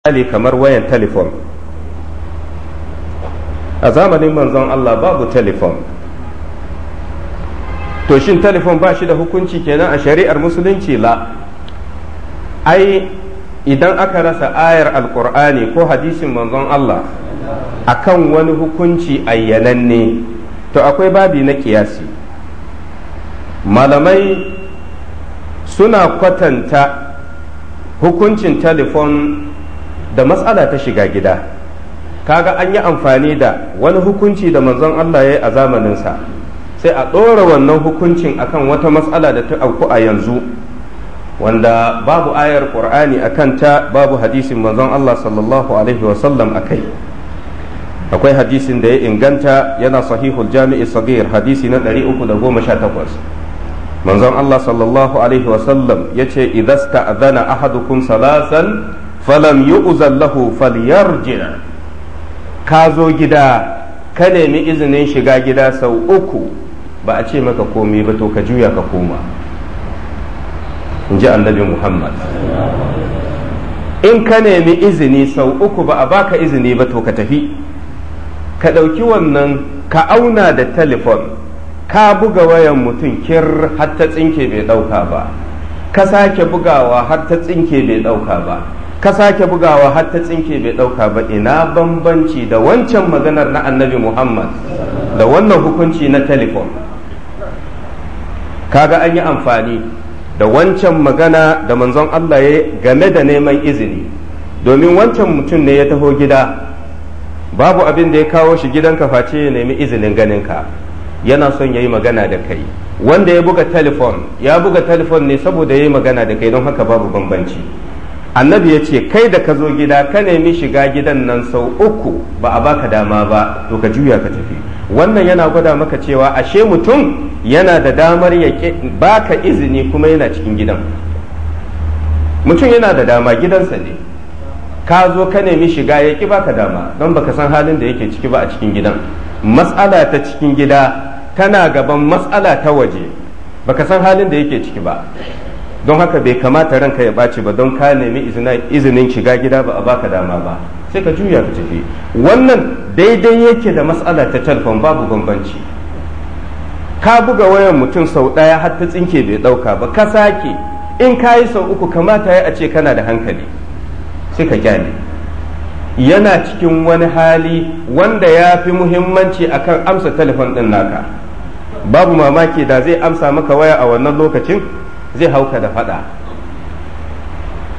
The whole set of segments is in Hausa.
misali kamar wayan telefon a zamanin manzon Allah babu telefon to shin telefon ba shi da hukunci kenan a shari'ar musulunci la ai idan aka rasa ayar alkur'ani ko hadisin manzon Allah akan wani hukunci ayyananne to akwai babi na kiyasi malamai suna kwatanta hukuncin telefon da matsala ta shiga gida kaga an yi amfani da wani hukunci da manzon Allah ya yi a zamaninsa sai a ɗora wannan hukuncin akan wata matsala da ta auku a yanzu wanda babu ayar qur'ani a kanta babu hadisin manzon Allah sallallahu alaihi wasallam a kai akwai hadisin da ya inganta yana sahihul jami'i sagir hadisi na 318 manzon Allah sallallahu alaihi wasallam ya ce idasta azana ahadukum salasan falam uzallahu lahu jina ka zo gida ka nemi izinin shiga gida sau uku ba a ce maka komai ba to ka juya ka koma in ji annabi muhammad in ka nemi izini sau uku ba a baka izini ba to ka tafi ka ɗauki wannan ka auna da telefon ka buga wayan mutum kir har ta tsinke bai ɗauka ba ka sake bugawa har ta tsinke bai ɗauka ba ka sake bugawa har ta tsinke bai ɗauka ba ina bambanci da wancan maganar na annabi muhammad da wannan hukunci na telefon kaga an yi amfani da wancan magana da manzon allah ya game da neman izini domin wancan mutum ne ya taho gida babu abin da ya kawo shi gidan ka face ya nemi izinin ganinka yana son ya yi magana da kai wanda ya buga telefon ya buga telefon ne saboda ya yi magana da kai don haka babu bambanci. annabi ya ce kai da ka zo gida ka nemi shiga gidan nan sau uku ba a baka dama ba to ka juya ka tafi wannan yana gwada maka cewa ashe mutum yana da damar ya baka izini kuma yana cikin gidan mutum yana da dama gidansa ne ka zo ka nemi shiga ya ki baka dama don baka san halin da yake ciki ba a cikin gidan matsala ta cikin gida tana gaban matsala ta waje baka san halin da yake ciki ba don haka bai kamata ranka ya ɓace ba don ka nemi izinin shiga gida ba a baka dama ba sai ka juya ka tafi wannan daidai yake da matsala ta telefon babu bambanci ka buga wayan mutum sau ɗaya har ta tsinke bai ɗauka ba ka sake in ka yi sau uku kamata ya a ce kana da hankali sai ka kyale yana cikin wani hali wanda ya fi muhimmanci akan amsa telefon ɗin naka babu mamaki da zai amsa maka waya a wannan lokacin zai hauka da fada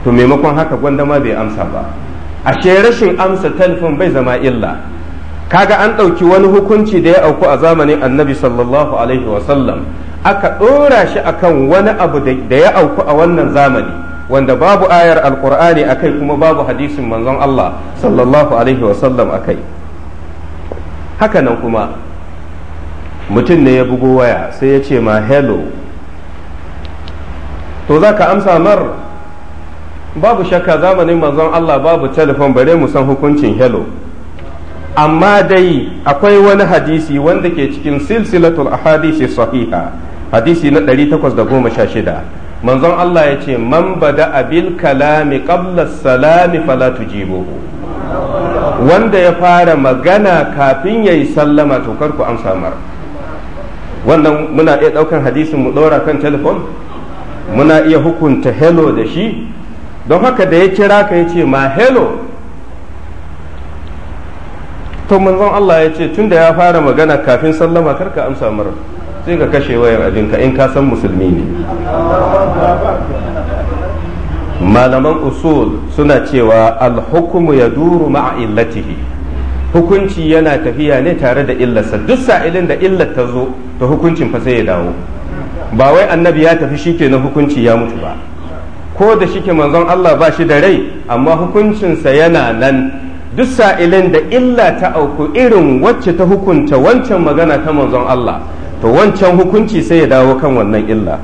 to maimakon haka gwandama bai amsa ba ashe rashin amsa talfin bai zama illa kaga an ɗauki wani hukunci da ya auku a zamanin annabi sallallahu alaihi wasallam aka ɗora shi akan wani abu da ya auku a wannan zamani wanda babu ayar alkur'ani akai kuma babu hadisin manzon Allah sallallahu alaihi wasallam akai haka nan kuma mutum ne ya bugo waya sai ya ce ma hello to za ka amsa mar babu shakka zamanin manzon Allah babu telefon bare mu san hukuncin hello amma dai akwai wani hadisi wanda ke cikin silsilatul ahadisi sahiha hadisi na 816 manzon Allah ya ce man bada abil kalami qabla salami fala tujibuhu wanda ya fara magana kafin yayi sallama to karku amsa mar wannan muna iya daukan hadisin mu daura kan telefon muna iya hukunta hello da shi don haka da ya kira ka ya ce ma hello to manzon Allah ya ce tunda ya fara magana kafin sallama karka amsa mara sai ka kashe wayar abinka in ka san musulmi ne malaman usul suna cewa alhukumu ya duru a illatihi hukunci yana tafiya ne tare da illarsa duk sa'ilin da illar ta zo ta hukuncin fa sai ya dawo ba wai annabi ya tafi shike na hukunci ya mutu ba ko da shike manzon Allah ba shi da rai amma hukuncinsa yana nan duk sa'ilin da illa ta auku irin wacce ta hukunta wancan magana ta manzon Allah to wancan hukunci sai ya dawo kan wannan illa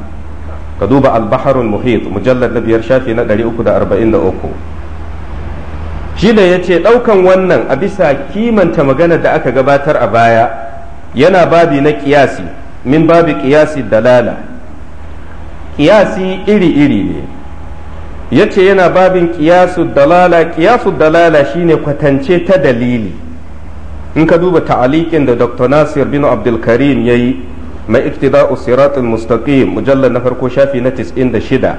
ka duba al-baharul muhit mujallad na biyar shafi na 343 shi da yace daukan wannan a bisa kimanta magana da aka gabatar a baya yana babi na kiyasi min babu qiyasi dalala kiyasi iri-iri ne yace yana babin qiyasu dalala qiyasu dalala shine kwatance ta dalili in ka duba ta'aliƙin da Dr. Nasir bin abdulkarim ya yayi mai iktida'u siratul mustaqim mujallar na farko shafi na 96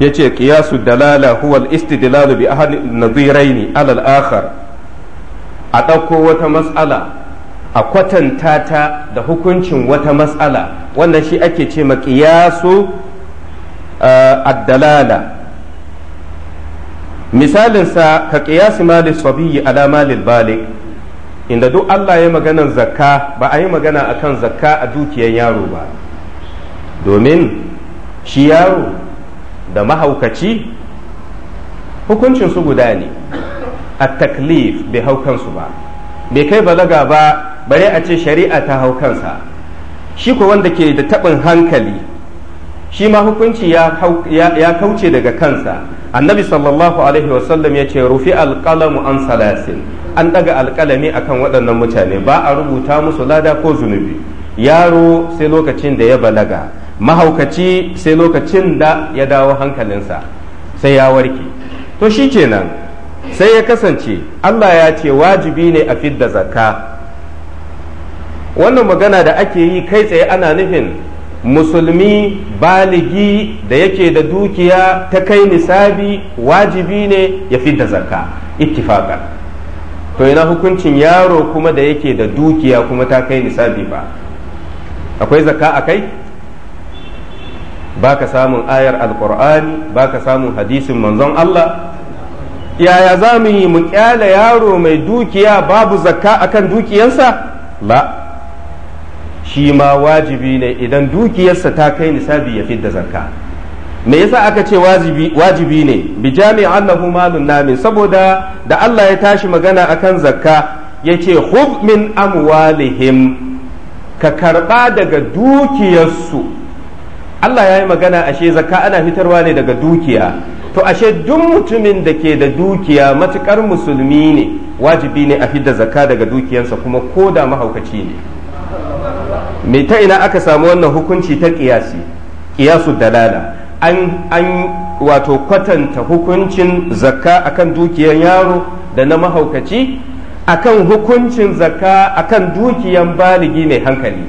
yace kiyasu dalala huwal istidlalu bi ahad an-nadhiraini ala akhar a ɗauko wata matsala. a kwatanta ta da hukuncin wata matsala wannan shi ake ce maƙiyasu eh, addalala misalinsa ka ƙiyasi malin sabiyyi ala malin balik inda duk Allah ya maganan zakka ba a yi magana a kan zakka a dukiyar yaro ba domin shi yaro da mahaukaci hukuncin su guda ne a taklif bai hau kansu ba bai kai balaga ba bare a ce shari'a ta hau kansa shi ko wanda ke da taɓin hankali shi ma hukunci ya kauce daga kansa annabi sallallahu alaihi wasallam ya ce rufi alƙalamu an salasin an ɗaga alkalami akan waɗannan mutane ba a rubuta musu lada ko zunubi yaro sai lokacin da ya balaga mahaukaci sai lokacin da ya dawo hankalinsa sai ya warke to shi kenan sai ya kasance allah ya ce wajibi ne a fidda zakka wannan magana da ake yi kai tsaye ana nufin musulmi baligi da yake da dukiya ta kai nisabi wajibi ne ya fi da zakka ittifaka to yana hukuncin yaro kuma da yake da dukiya kuma ta kai nisabi ba akwai zakka a kai ka samun ayar alkur'ani ka samun hadisin manzon Allah yaya za mu yi mu kyale yaro mai dukiya babu zakka akan dukiyansa la shi ma wajibi ne idan dukiyarsa ta kai nisabi ya fidda zakka me yasa aka ce wajibi ne bi jami annahu malun namin saboda da Allah ya tashi magana akan zakka yace hub min amwalihim ka karba daga dukiyarsu Allah ya yi magana ashe zakka ana fitarwa ne daga dukiya to ashe duk mutumin da ke da dukiya matukar musulmi ne wajibi ne a fidda zakka daga dukiyarsa kuma ko da mahaukaci ne me ta ina aka samu wannan hukunci ta kiyasi kiyasu dalala an an wato kwatanta hukuncin zakka akan dukiyar yaro da na mahaukaci akan hukuncin zakka akan dukiyar baligi mai hankali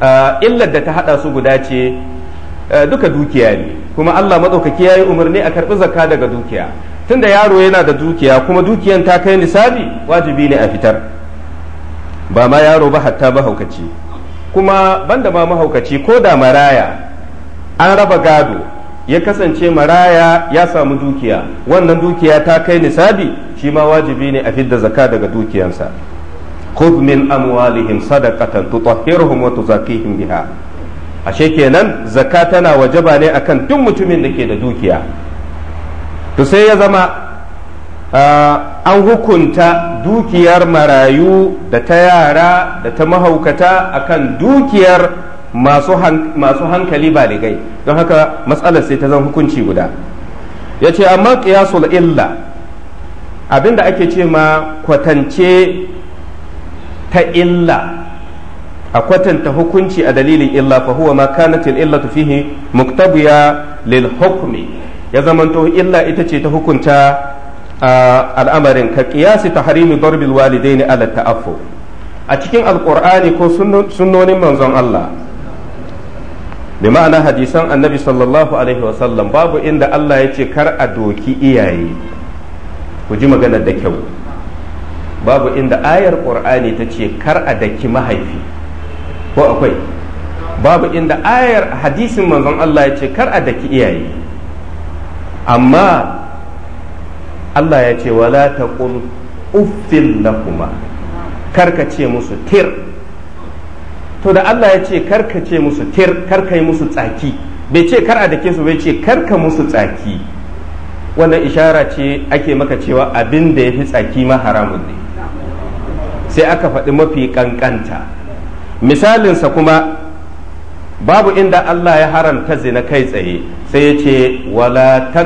ah, illar da ta hada su guda ce ah, duka dukiya ne kuma Allah madaukaki ya yi umarni a karbi zakka daga dukiya tunda yaro yana da dukiya kuma dukiyan ta kai nisabi wajibi ne a fitar ba ma yaro ba hatta mahaukaci kuma banda ma mahaukaci ko da maraya an raba gado ya kasance maraya ya samu dukiya wannan dukiya ta kai nisabi shi ma wajibi ne a fidda zaka daga dukiyansa khudh min amwalihim sadaqatan tutahhiruhum wa tuzakihim biha ashe kenan zaka tana wajaba ne akan duk mutumin da ke da dukiya to sai ya zama Ah, an hukunta dukiyar marayu da ta yara da ta mahaukata a kan dukiyar masu hankali baligai don haka matsalar sai ta zan hukunci guda ya ce amma qiyasul illa abinda ake ce ma kwatance ta illa a kwatanta hukunci a dalilin illa fa huwa ma kanat illa ta fihi muktabiya lil hukmi ya zamanto illa ita ce ta hukunta al'amarin ka qiyasi tahrimi darbil walidaini ala ta'affu a cikin alqur'ani ko sunnonin manzon Allah bi ma'ana hadisan annabi sallallahu alaihi wasallam babu inda Allah ya ce kar a doki iyaye ku ji maganar da kyau babu inda ayar qur'ani ta ce kar a daki mahaifi ko akwai babu inda ayar hadisin manzon Allah ya ce kar a daki iyaye amma Allah ya ce wala taqul uffil lakuma karka ce musu tir to da Allah ya ce karka ce musu tir karka yi musu tsaki bai ce kar a dake su bai ce karka musu tsaki wannan ishara ce ake maka cewa abin da ya fi tsaki ma haramun ne sai aka faɗi mafi ƙanƙanta misalinsa kuma babu inda Allah ya haramta zina kai tsaye sai ya ce wala ta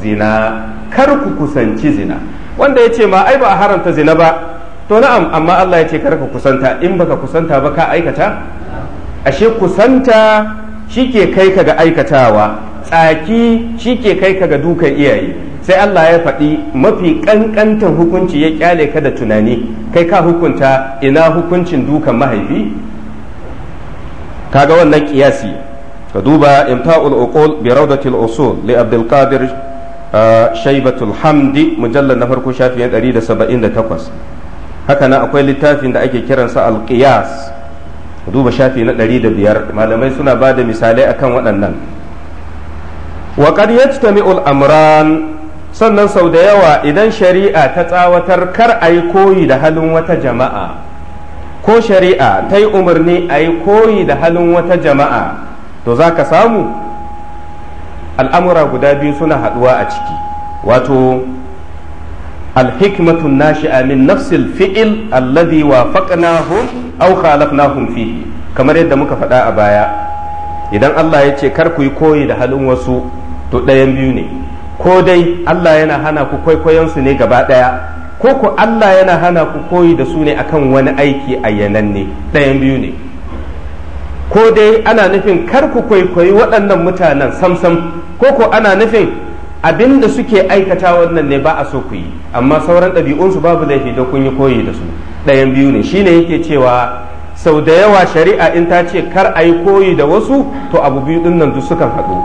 zina kar ku kusanci zina wanda ya ce ma ai ba a haramta zina ba to na'am amma Allah ya ce kar ka kusanta in baka kusanta ba ka aikata ashe kusanta shike kai ka ga aikatawa tsaki shike kai ka ga dukan iyaye sai Allah ya faɗi mafi ƙanƙantan hukunci ya kyale ka da tunani kai ka hukunta ina hukuncin dukan mahaifi kaga wannan kiyasi ka duba imta'ul uqul bi rawdatil usul li abdul qadir shaibatul hamdi mujallar na farko shafiyan 178 haka nan akwai littafin da ake kiransa alqiyas duba shafi na 105 malamai suna ba da misalai akan waɗannan wa qad yajtami'u amran sannan sau da yawa idan shari'a ta tsawatar kar a yi koyi da halin wata jama'a ko shari'a ta yi umarni a yi koyi da halin wata jama'a to za ka samu al'amura guda biyu suna haɗuwa a ciki wato alhikmatun nashi min nafsil fi'il alladhi au aw hun fihi kamar yadda muka faɗa a baya idan Allah ya ce kar ku yi koyi da halin wasu to ɗayan biyu ne ko dai Allah yana hana ku kwaikwayon su ne gaba ɗaya ko ku Allah yana hana ku koyi da su ne akan wani aiki a yananne ɗayan biyu ne ko dai ana nufin kar ku kwaikwayi waɗannan mutanen samsam ko ko ana nufin abin da suke aikata wannan ne ba a so ku yi amma sauran ɗabi'unsu babu laifi da kun yi koyi da su ɗayan biyu ne shine yake cewa sau da yawa shari'a in ta ce kar a yi koyi da wasu to abu biyu ɗin nan duk sukan haɗu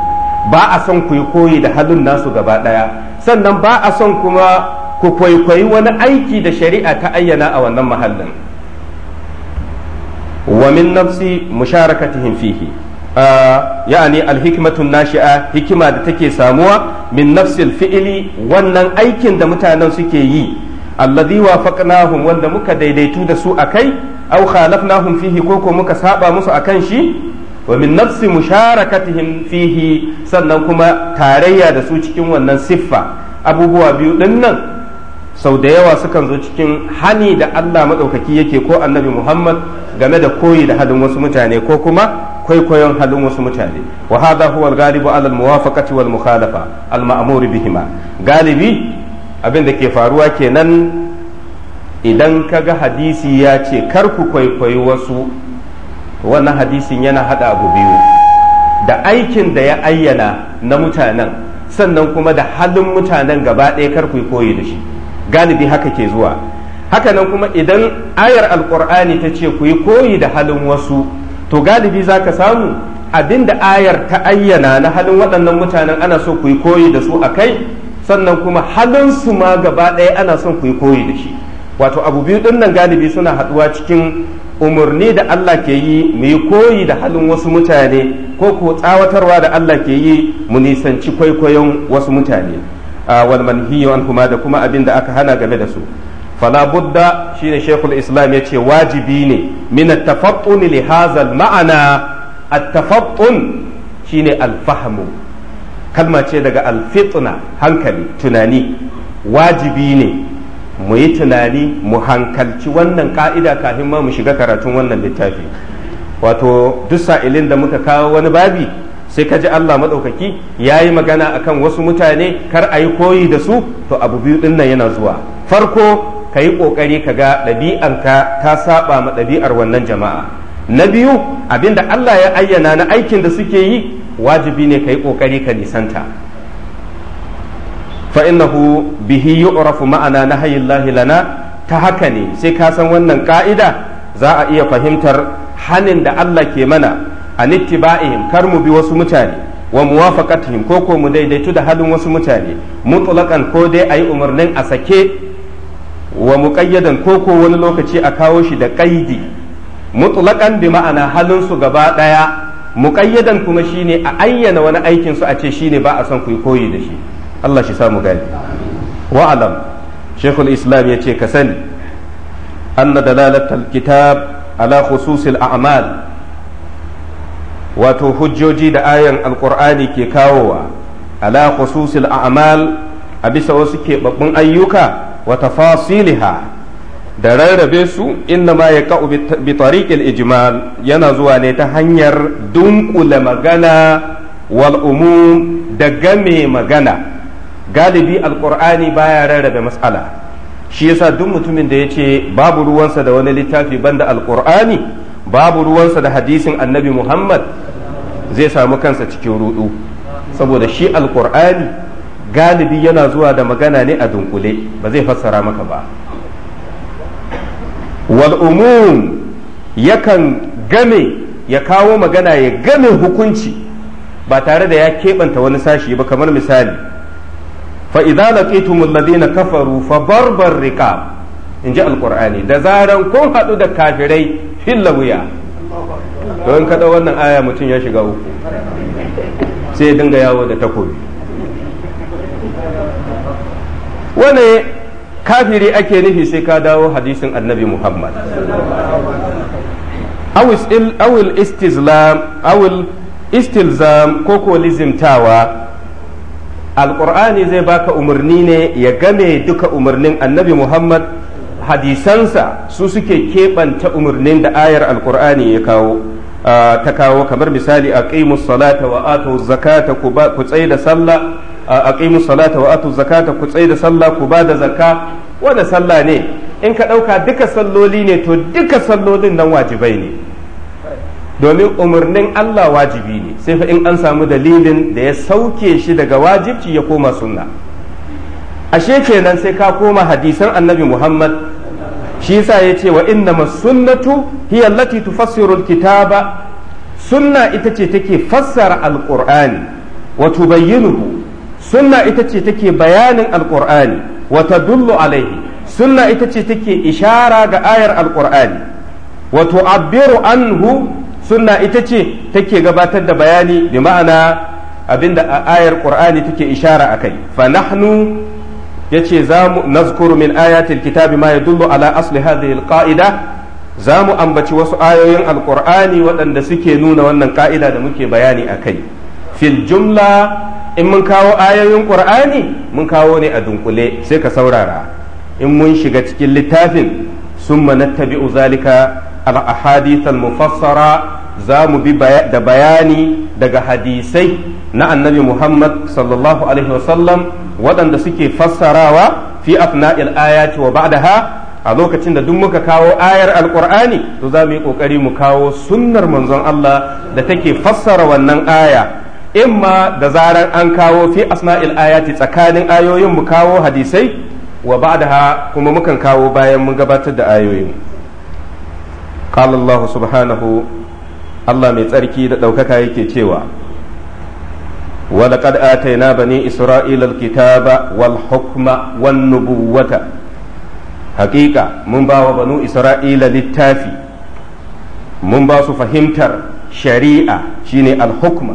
ba a son ku yi koyi da halin nasu gaba ɗaya sannan ba a son kuma ku kwaikwayi wani aiki da shari'a ta ayyana a wannan mahallin wa min nafsi musharakatihim fihi ah, ya'ani alhikmatun nashi'a hikima da take samuwa min nafsil fi'ili wannan aikin da mutanen suke yi alladhi wafaqnahum wanda muka daidaitu da su akai aw khalafnahum fihi ko ko muka saɓa musu akan shi wa min nafsi musharakatihim fihi sannan kuma tarayya da su cikin wannan siffa abubuwa biyu din nan sau da yawa sukan zo cikin hani da Allah maɗaukaki yake ko annabi Muhammad game da koyi da halin wasu mutane ko kuma kwaikwayon halin wasu mutane wa hadha huwa al-ghalibu ala al-muwafaqati wal mukhalafa al-ma'mur bihima galibi abin da ke faruwa kenan idan ka ga hadisi ya ce kar ku kwaikwayi wasu wannan hadisin yana haɗa abu biyu da aikin da ya ayyana na mutanen sannan kuma da halin mutanen gaba ɗaya kar ku koyi da shi galibi haka ke zuwa hakanan kuma idan ayar alkur'ani ta ce ku yi koyi da halin wasu to galibi za ka samu da ayar ta ayyana na halin waɗannan mutanen ana so ku yi koyi da su a kai sannan kuma halin su ma gaba ɗaya ana son ku yi koyi da shi wato abu biyu ɗin nan galibi suna haɗuwa cikin umarni da Allah ke yi mu yi koyi da halin wasu mutane ko ko tsawatarwa da Allah ke yi mu nisanci kwaikwayon wasu mutane wal manhiyu anhuma da kuma abin da aka hana game da su fala budda shine shaykhul islam yace wajibi ne min at li hadha al-ma'ana at-tafattun shine al-fahmu kalma ce daga al-fitna hankali tunani wajibi ne mu yi tunani mu hankalci wannan ka'ida kafin ma mu shiga karatun wannan littafi wato duk sa'ilin da muka kawo wani babi sai ka ji Allah maɗaukaki ya yi magana akan wasu mutane kar a yi koyi da su to abu biyu ɗin nan yana zuwa farko ka yi ƙoƙari ka ga ɗabi'anka ta saɓa ma ɗabi'ar wannan jama'a na biyu abinda Allah ya ayyana na aikin da suke yi wajibi ne ka yi ƙoƙari ka nisanta fa'innahu bihi yu'rafu ma'ana na hayillahi lana ta haka ne sai ka san wannan ƙa'ida za a iya fahimtar hanin da Allah ke mana a ittiba'ihim kar mu bi wasu mutane wa muwafaqatihim ko ko mu daidaitu da halin wasu mutane mutlaqan ko dai ayi umarnin a sake wa muqayyadan ko ko wani lokaci a kawo shi da qaidi mutlaqan bi ma'ana halin su gaba daya muqayyadan kuma shine a ayyana wani aikin su a ce shine ba a son ku koyi da shi Allah shi samu gani wa alam shaykhul islam yace ka sani anna dalalatul kitab ala khususil a'mal wato hujjoji da ayan alkur'ani ke kawowa ala khususil a'mal a bisa wasu keɓaɓɓun ayyuka wa tafasiliha da rarrabe su inna ma yaqa'u bi tariqil ijmal yana zuwa ne ta hanyar dunkula magana wal umum da game magana galibi alkur'ani baya rarrabe matsala shi yasa duk mutumin da yace babu ruwansa da wani littafi banda alkur'ani babu ruwansa da hadisin annabi muhammad zai samu kansa cikin rudu saboda shi alkur'ani galibi yana zuwa da magana ne a dunkule ba zai fassara maka ba wal umum yakan game ya kawo magana ya game hukunci ba tare da ya keɓanta wani sashi ba kamar misali fa'iza laqitumul ladina kafaru fa barbar riqab in ji Alƙur'ani da zaran kun haɗu da kafirai filla wuya don kada wannan aya mutum ya shiga uku sai ya dinga yawo da takobi wane kafiri ake nufi sai ka dawo hadisin annabi muhammad awil istizlam awil istilzam ko ko lizimtawa alƙur'ani zai baka umarni ne ya game duka umarnin annabi muhammad hadisansa su suke keɓanta umarnin da ayar alkur'ani ya kawo ah, ta kawo kamar misali a salata wa ato zakata ku tsaye da sallah a ah, salata wa ato zakata ku tsaye da sallah ku ba da zakka wanda sallah ne in ka ɗauka duka salloli ne to duka sallolin nan wajibai ne domin umarnin Allah wajibi ne sai fa in an samu dalilin da ya sauke shi daga wajibci ya koma sunna ashe kenan sai ka koma hadisan annabi Muhammad shi yasa ce wa innamas sunnatu hiya allati tufassiru alkitaba sunna ita ce take fassara alqur'ani wa tubayyinuhu sunna ita ce take bayanin alqur'ani wa tadullu alaihi sunna ita ce take ishara ga ayar alqur'ani wa tu'abbiru anhu sunna ita ce take gabatar da bayani bi ma'ana abinda ayar qur'ani take ishara akai fa nahnu ce za mu nazkuru min ayatil kitabi ma yadullu ala asli hadhihi alqaida za mu ambaci wasu ayoyin alqur'ani waɗanda suke nuna wannan ka'ida da muke bayani a fil jumla in mun kawo ayoyin qur'ani mun kawo ne a dunkule sai ka saurara in mun shiga cikin littafin summa nattabi'u zalika al ahadith al mufassara za mu bi da bayani daga hadisai na annabi Muhammad sallallahu alaihi wasallam waɗanda suke fassarawa fi afna'il ayati wa ba'daha a lokacin da duk muka kawo ayar alƙur'ani to za mu yi kokari mu kawo sunnar manzon Allah da take fassara wannan aya imma da zarar an kawo fi asma'il ayati tsakanin ayoyin mu kawo hadisai wa ba'daha kuma mukan kawo bayan mun gabatar da ayoyin qala Allah subhanahu Allah mai tsarki da ɗaukaka yake cewa ولقد آتينا بني إسرائيل الكتاب والحكم والنبوة حقيقة من باو بنو إسرائيل للتافي من باو فهمتر شريعة شيني الحكم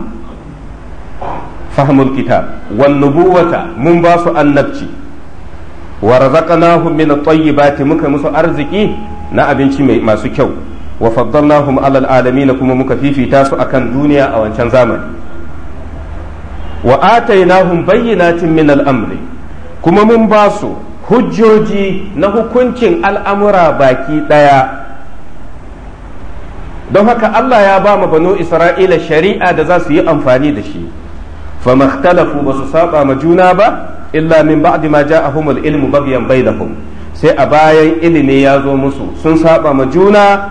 فهم الكتاب والنبوة من باو النبتي ورزقناهم من الطيبات مكا مسو أرزكي نا أبنشي ما سكو وفضلناهم على العالمين كما مكفيفي تاسو أكن دنيا أو أنشان زمن wa atainahum bayyinatin min al'amri kuma mun ba su hujjoji na hukuncin al'amura baki ɗaya don haka Allah ya ba banu Isra'ila shari'a da za su yi amfani da shi famastalafu ba su saba ma juna ba illa min ba'di ma ja'ahumul ilmu bagyan bainahum sai a bayan ilimi ya zo musu sun saba ma juna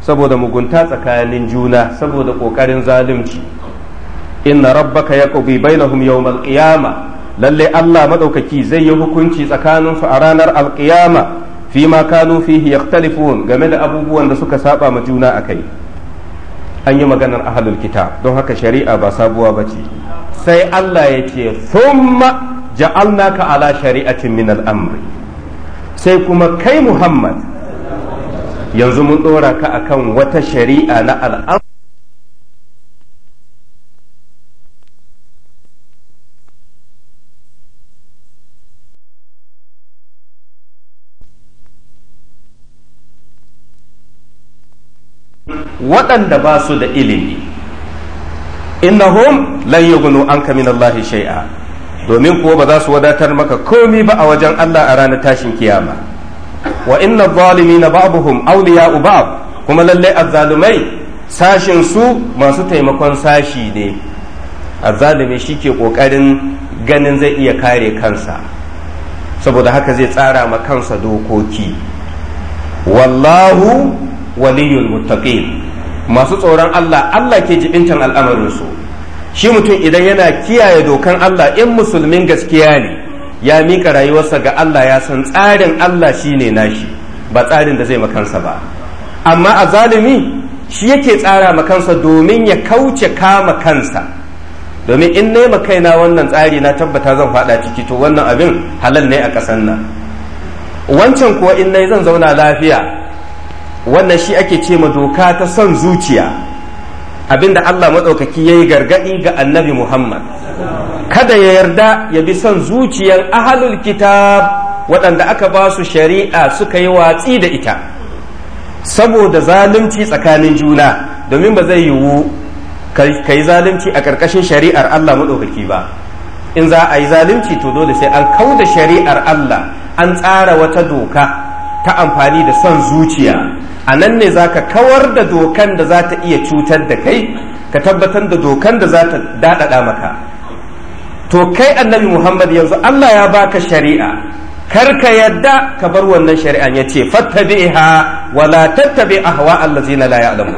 saboda mugunta tsakanin juna saboda kokarin zalunci inna rabbaka yaqdi bainahum yawm al-qiyama lalle Allah madaukaki zai yi hukunci tsakanin su a ranar al-qiyama fima kanu fihi yakhtalifun game da abubuwan da suka saba ma juna akai an yi maganar ahlul kitab don haka shari'a ba sabuwa bace sai Allah ya ce thumma ja'alnaka ala shari'atin min al-amri sai kuma kai Muhammad yanzu mun dora ka akan wata shari'a na al'amri waɗanda ba su da ilimi innahum lan yughnu anka min Allahi shay'a domin kuwa ba za su wadatar maka komi ba a wajen Allah a ranar tashin kiyama wa inna zalimina ba'dhum awliya'u ba'd kuma lalle azzalumai sashin su masu taimakon sashi ne azzalumi ke kokarin ganin zai iya kare kansa saboda haka zai tsara ma kansa dokoki wallahu waliyul muttaqin masu tsoron Allah Allah ke jibintan al'amarinsu shi mutum idan yana kiyaye dokan Allah in musulmin gaskiya ne ya mika rayuwarsa ga Allah ya san tsarin Allah shi shine nashi ba tsarin da zai makansa ba amma a zalimi shi yake tsara kansa domin ya kauce kama kansa domin in nema kaina wannan tsari na tabbata zan fada ciki to wannan abin halal ne a ƙasar nan wancan kuwa in nai zan zauna lafiya wannan shi ake ce ma doka ta son zuciya abinda Allah maɗaukaki ya yi gargaɗi ga annabi Muhammad kada ya yarda ya bi son zuciyar ahalul kitab waɗanda aka ba su shari'a suka yi watsi da ita saboda zalunci tsakanin juna domin ba zai yiwu ka yi zalunci a ƙarƙashin shari'ar Allah maɗaukaki ba in za a yi zalunci to dole sai an kauda shari'ar Allah an tsara wata doka ta amfani da son zuciya a nan ne za ka kawar da dokan da za ta iya cutar da kai ka tabbatar da dokan da za ta daɗaɗa maka to kai annabi muhammad yanzu allah ya baka shari'a kar ka yadda ka bar wannan shari'an ya ce fattabi'iha wala tattabi ahwa allazina la ya'lamu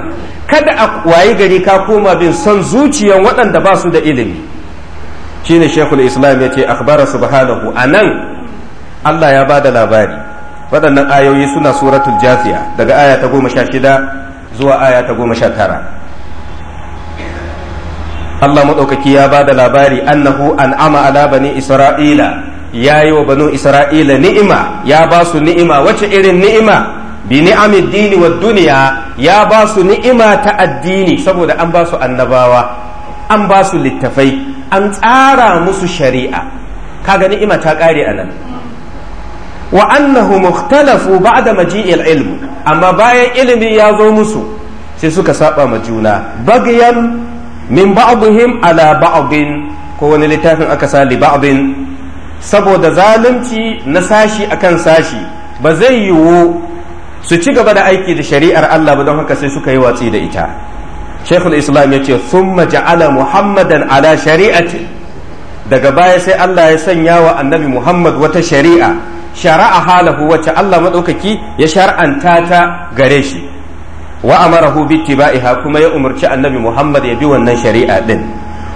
kada a wayi gari ka koma bin son zuciyan waɗanda ba su da ilimi shine shekul islam ya ce akhbara subhanahu anan allah ya ba da labari waɗannan ayoyi suna suratul jafiya daga aya ta goma sha shida zuwa aya ta goma sha tara Allah maɗaukaki ya ba da labari annahu an'ama ala bani isra'ila ya yi wa banu isra'ila ni'ima ya ba su ni'ima wace irin ni'ima bi ni'amid dini wa duniya ya ba su ni'ima ta addini saboda an ba su annabawa an ba su littafai an tsara musu shari'a kaga ni'ima ta ƙare a nan wa annahu mukhtalafu ba'da maji'il ilm amma bayan ilimi ya zo musu sai suka saba ma juna bagyan min ba'dihim ala ba'din ko wani littafin aka sa li ba'din saboda zalunci na sashi akan sashi ba zai yiwu su ci gaba da aiki da shari'ar Allah ba don haka sai suka yi watsi da ita Sheikhul Islam ya ce thumma ja'ala Muhammadan ala shari'ati daga baya sai Allah ya sanya wa Annabi Muhammad wata shari'a shara'a halahu wacce Allah maɗaukaki ya shar'anta ta gare shi wa amarahu bittiba'iha kuma ya umarci annabi Muhammad ya bi wannan shari'a din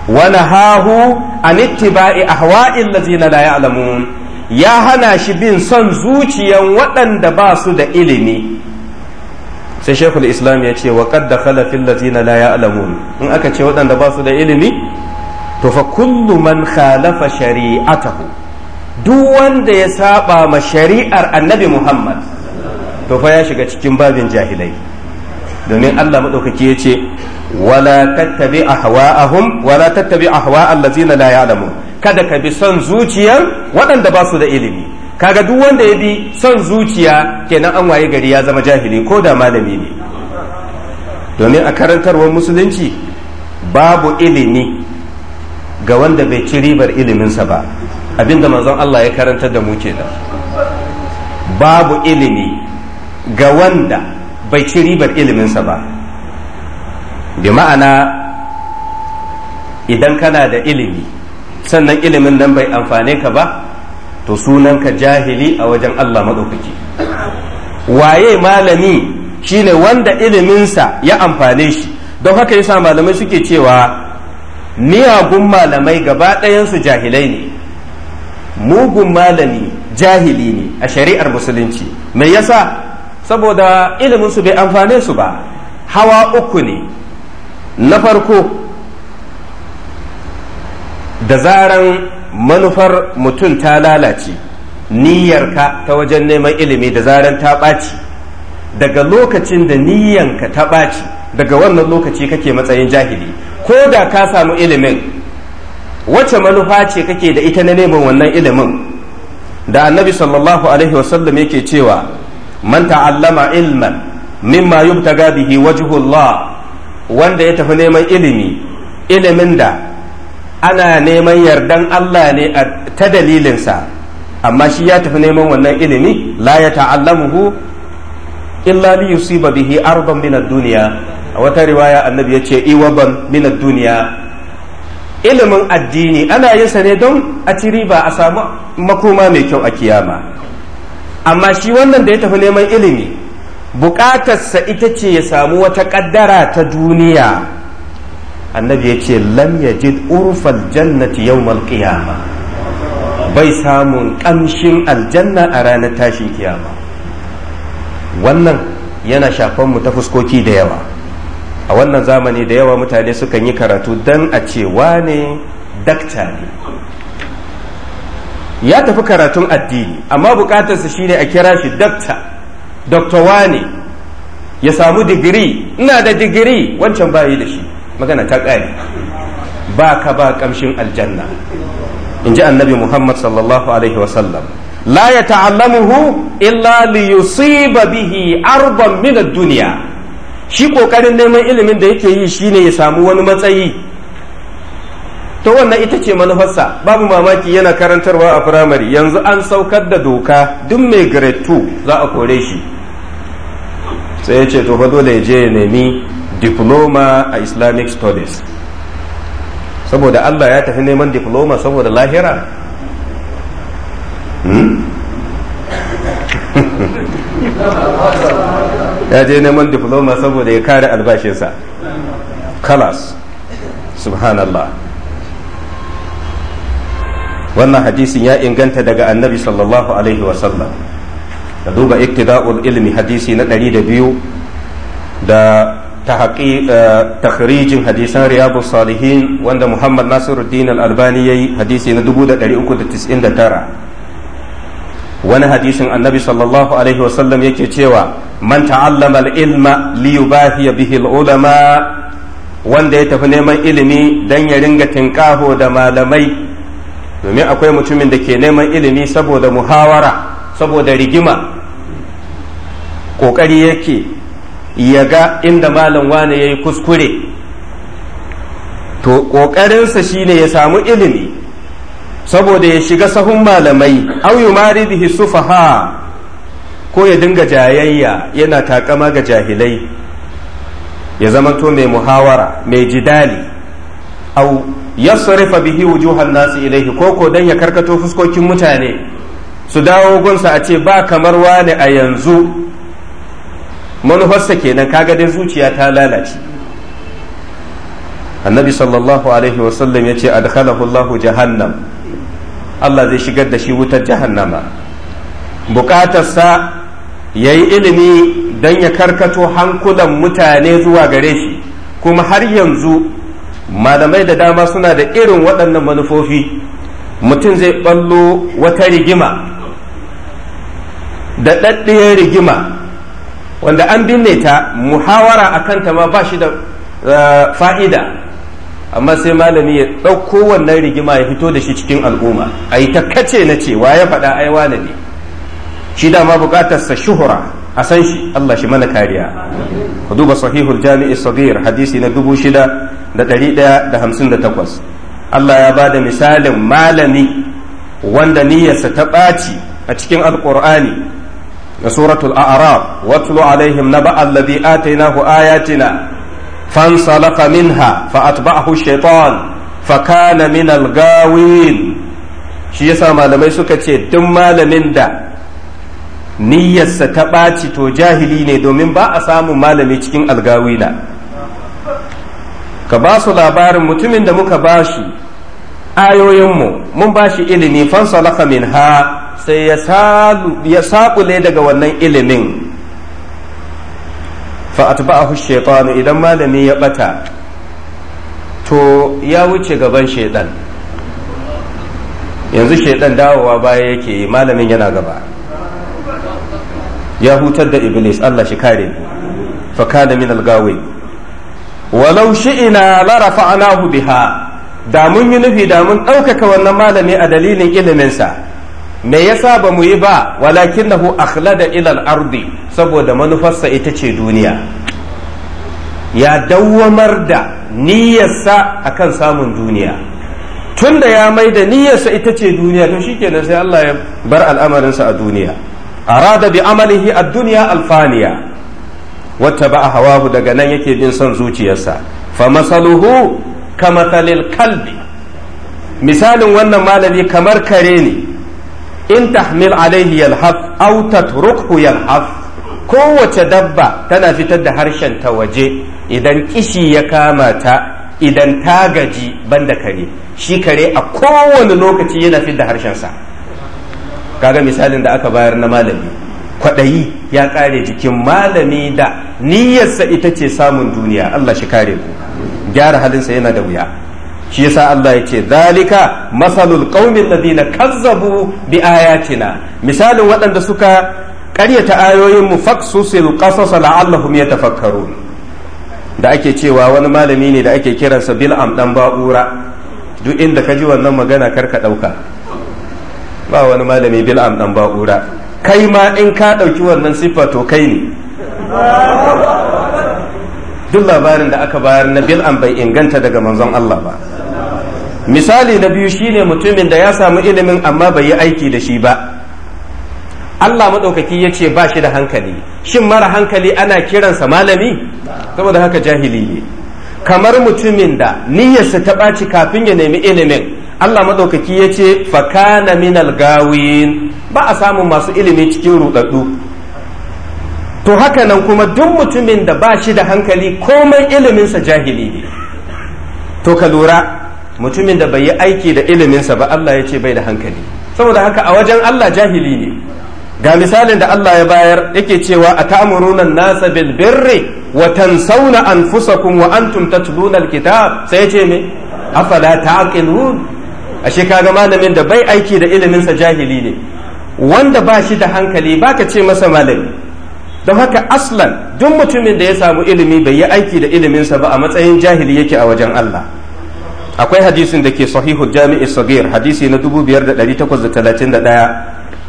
wa nahahu an ittiba'i ahwa'il ladzina la ya'lamun ya hana shi bin son zuciyan waɗanda ba su da ilimi sai shekul islam ya ce wa qad dakhala fil ladina la ya'lamun in aka ce waɗanda ba su da ilimi to fa kullu man khalafa shari'atahu duk wanda ya saba ma shari'ar annabi muhammad to fa ya shiga cikin babin jahilai domin allah madaukaki ya ce wala tattabi ahwa'ahum wala tattabi ahwa allazina la ya'lamu kada ka bi son zuciyar waɗanda ba su da ilimi kaga duk wanda ya bi son zuciya kenan an waye gari ya zama jahili ko da malami ne domin a karantarwar musulunci babu ilimi ga wanda bai ci ribar iliminsa ba abinda manzon Allah ya karanta da mu kenan babu ilimi ga wanda bai ci ribar iliminsa ba bi ma'ana idan kana da ilimi sannan ilimin nan bai amfane ka ba to sunanka jahili a wajen Allah maɗaukaki waye malami shine wanda iliminsa ya amfane shi don haka yasa malamai suke cewa miyagun malamai gaba ɗayansu jahilai ne mugun malami jahili ne a shari'ar musulunci me yasa saboda ilimin su bai amfane su ba hawa uku ne na farko da zaran manufar mutum ta lalace niyyarka ta wajen neman ilimi da zaran ta ɓaci daga lokacin da niyyanka ta ɓaci daga wannan lokaci kake matsayin jahili ko da ka samu ilimin wacce manufa ce kake da ita na neman wannan ilimin da annabi sallallahu alaihi wasallam yake cewa man ta'allama ilman mimma yubtaga bihi wajhullah wanda ya tafi neman ilimi ilimin da ana neman yardan Allah ne ta dalilinsa amma shi ya tafi neman wannan ilimi la ya ta'allamuhu illa li yusiba bihi arban min ad-dunya a wata riwaya annabi yace iwaban min ad-dunya ilimin addini ana yin sa ne don a ci riba a samu makoma mai kyau a kiyama amma shi wannan da ya tafi neman ilimi bukatarsa ita ce ya samu wata kaddara ta duniya annabi ya ce lam yajid urfal jannati yau qiyama bai samun kamshin aljanna a ranar tashin kiyama wannan yana shafan mu ta fuskoki da yawa a wannan zamani da yawa mutane sukan yi karatu don a ce wane dakta ne ya tafi karatun addini amma bukatarsa shine a kira shi dakta wane ya samu digiri ina da digiri wancan bayi da shi magana ta ƙari ba ka ba ƙamshin aljanna in ji annabi muhammad sallallahu alaihi wasallam la ya ta'allamuhu illa li yusiba bihi arban min duniya. shi kokarin neman ilimin da yake yi shine ya samu wani matsayi ta wannan ita ce manufarsa babu mamaki yana karantarwa a firamare yanzu an saukar da doka duk mai grade 2 za a kore shi sai ya ce to fa dole ya je ya nemi diploma a islamic studies saboda allah ya tafi neman diploma saboda lahira hmm? ya je neman diploma saboda ya kare albashinsa kalas subhanallah wannan hadisin ya inganta daga annabi sallallahu alaihi wasallam da duba iktida'ul ilmi hadisi na ɗari da biyu da tahrijin eh, hadisan riyabu salihin wanda muhammad nasiruddin al-albani ya yi hadisi na 399 wani hadisin annabi sallallahu alaihi wasallam yake cewa man ta'allama al-ilma li yubahiya bihi al-ulama wanda ya tafi neman ilimi dan ya ringa tinkaho da malamai domin akwai mutumin da ke neman ilimi saboda muhawara saboda rigima kokari yake ya ga inda malam wane yayi kuskure to ƙoƙarinsa shine ya samu ilimi saboda ya shiga sahun malamai au yumaridihi sufaha ko ya dinga jayayya yana takama ga jahilai ya zamanto mai muhawara mai jidali au sarrafa bihi wujuhan nasu ilaihi ko ko dan ya karkato fuskokin mutane su dawo gunsa a ce ba kamar wani a yanzu manufarsa kenan kaga dai zuciya ta lalace annabi sallallahu alaihi wasallam ya ce adkhalahu Allahu jahannam Allah zai shigar da shi wutar jahannama bukatarsa ya yi ilimi don ya karkato hankulan mutane zuwa gare shi kuma har yanzu malamai da dama suna da irin waɗannan manufofi mutum zai ɓallo wata rigima da ɗaɗɗiyar rigima wanda an binne ta muhawara a kanta ma ba shi da eh, fa'ida amma sai malami ya ɗauko wannan rigima ya fito da shi cikin al'umma a yi ta kace na ce wa ya faɗa ai na ne shi dama sa shuhura a san shi Allah shi mana kariya ku duba sahihul jami'i sabir hadisi na dubu shida da ɗari ɗaya da hamsin da takwas Allah ya ba da misalin malami wanda niyyarsa ta ɓaci a cikin alƙur'ani na suratul a'raf watlu alaihim na naba allazi atainahu ayatina فانسلخ منها فأتبعه الشيطان فكان من الغاوين shi yasa malamai suka ce duk malamin da niyyarsa ta ɓaci to jahili ne domin ba a samun malami cikin algawina ka ba su labarin mutumin da muka ba shi ayoyinmu mun ba shi ilimi fansalaka min ha sai ya saƙule daga wannan ilimin fa atba'ahu shaytan idan malami ya bata to ya wuce gaban shaidan yanzu shaidan dawowa baya yake malamin yana gaba ya hutar da iblis Allah shi kare fa kana min algawi walau shi'ina biha da mun yi nufi da mun ɗaukaka wannan malami a dalilin iliminsa me yasa ba mu yi ba walakin nahu akhlada da ilal ardi saboda manufarsa ita ce duniya ya dawwamar da niyyarsa akan samun duniya tunda ya mai da niyyarsa ita ce duniya to shikenan sai Allah ya bar al'amarinsa a duniya arada bi amalihi a duniya alfaniya faniya wata ba hawahu daga nan yake bin son zuciyarsa fa masaluhu ka kalbi misalin wannan malami kamar kare ne in tahmil alaihi yalhaf autat tatrukhu yalhaf kowace dabba tana fitar da harshen ta waje idan kishi ya kama ta idan ta gaji banda kare shi kare a kowane lokaci yana fitar da harshen harshensa kaga misalin da aka bayar na malami kwaɗayi ya kare jikin malami da niyyarsa ita ce samun duniya Allah shi kare ku gyara halinsa yana da wuya shi yasa Allah ya ce zalika masalul qaumin ladina kazzabu bi ayatina misalin waɗanda suka ƙaryata ayoyin mu faqsusil qasas la'allahum yatafakkarun da ake cewa wani malami ne da ake kiransa bil'am dan ba'ura duk inda ka ji wannan magana karka ɗauka ba wani malami bil'am dan ba'ura kai ma in ka ɗauki wannan siffa to kai ne duk labarin da aka bayar na bil'am bai inganta daga manzon Allah ba misali na biyu shine mutumin da ya samu ilimin amma bai yi aiki da shi ba Allah maɗaukaki ya ce ba shi da hankali shin mara hankali ana kiransa malami saboda haka jahili ne kamar mutumin da niyyarsa ta ɓaci kafin ya nemi ilimin Allah maɗaukaki ya ce fakana minal gawin ba a samun masu ilimi cikin ruɗaɗɗu to haka nan kuma duk mutumin da ba shi da hankali komai iliminsa jahili ne to ka lura mutumin da bai yi aiki da iliminsa ba Allah ya ce bai da hankali saboda haka a wajen Allah jahili ne ga misalin da Allah ya bayar yake cewa a ta'amuruna nasa bil birri wa tansawna anfusakum wa antum tatluna alkitab sai yace me afala taqilun ashe kaga malamin da bai aiki da iliminsa jahili ne wanda ba shi da hankali baka ce masa malami don haka aslan duk mutumin da ya samu ilimi bai yi aiki da iliminsa ba a matsayin jahili yake a wajen Allah akwai hadisin da ke sahihul jami'i sagir hadisi na 5831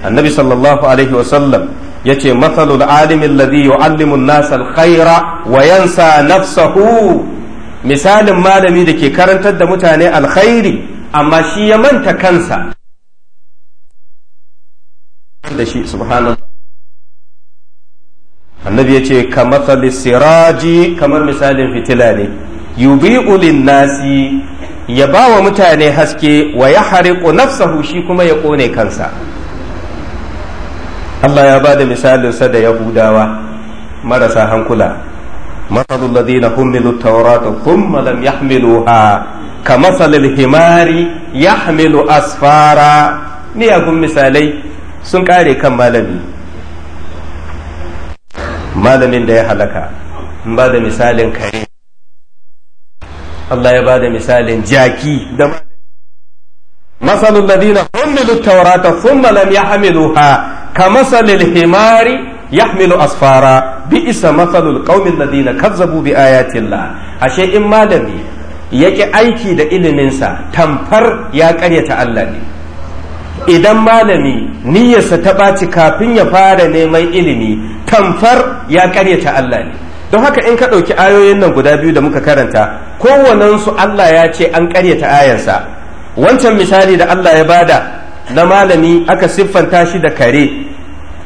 annabi sallallahu alaihi wasallam ya ce matsalul alimin ladhi yu'allimu nasa alkhaira wa yansa nafsahu misalin malami da ke karantar da mutane alkhairi amma shi ya manta kansa da shi subhanallah annabi ya ce ka matsali siraji kamar misalin fitila ne ulin nasi ya ba wa mutane haske wa ya hariƙo nafsahu shi kuma ya ƙone kansa Allah ya ba da misalinsa da yahudawa marasa hankula مثل الذين حملوا ka ثم لم ya كمثل asfara يحمل ya kun misalai sun kare kan malami malamin da ya halaka in ba da misalin kare Allah ya ba da misalin jaki da masalul ladina humilu taurata thumma lam ka kamasalil himari yahmilu asfara bi isa masalul qaumin ladina kazzabu bi ayatillah ashe in malami yake aiki da iliminsa tamfar ya karyata Allah ne idan malami niyyarsa ta ɓaci kafin ya fara neman ilimi tamfar ya karyata Allah ne don haka in ka ɗauki ayoyin nan guda biyu da muka karanta kowanensu Allah ya ce an karyata ayansa wancan misali da Allah ya bada na malami aka siffanta shi da kare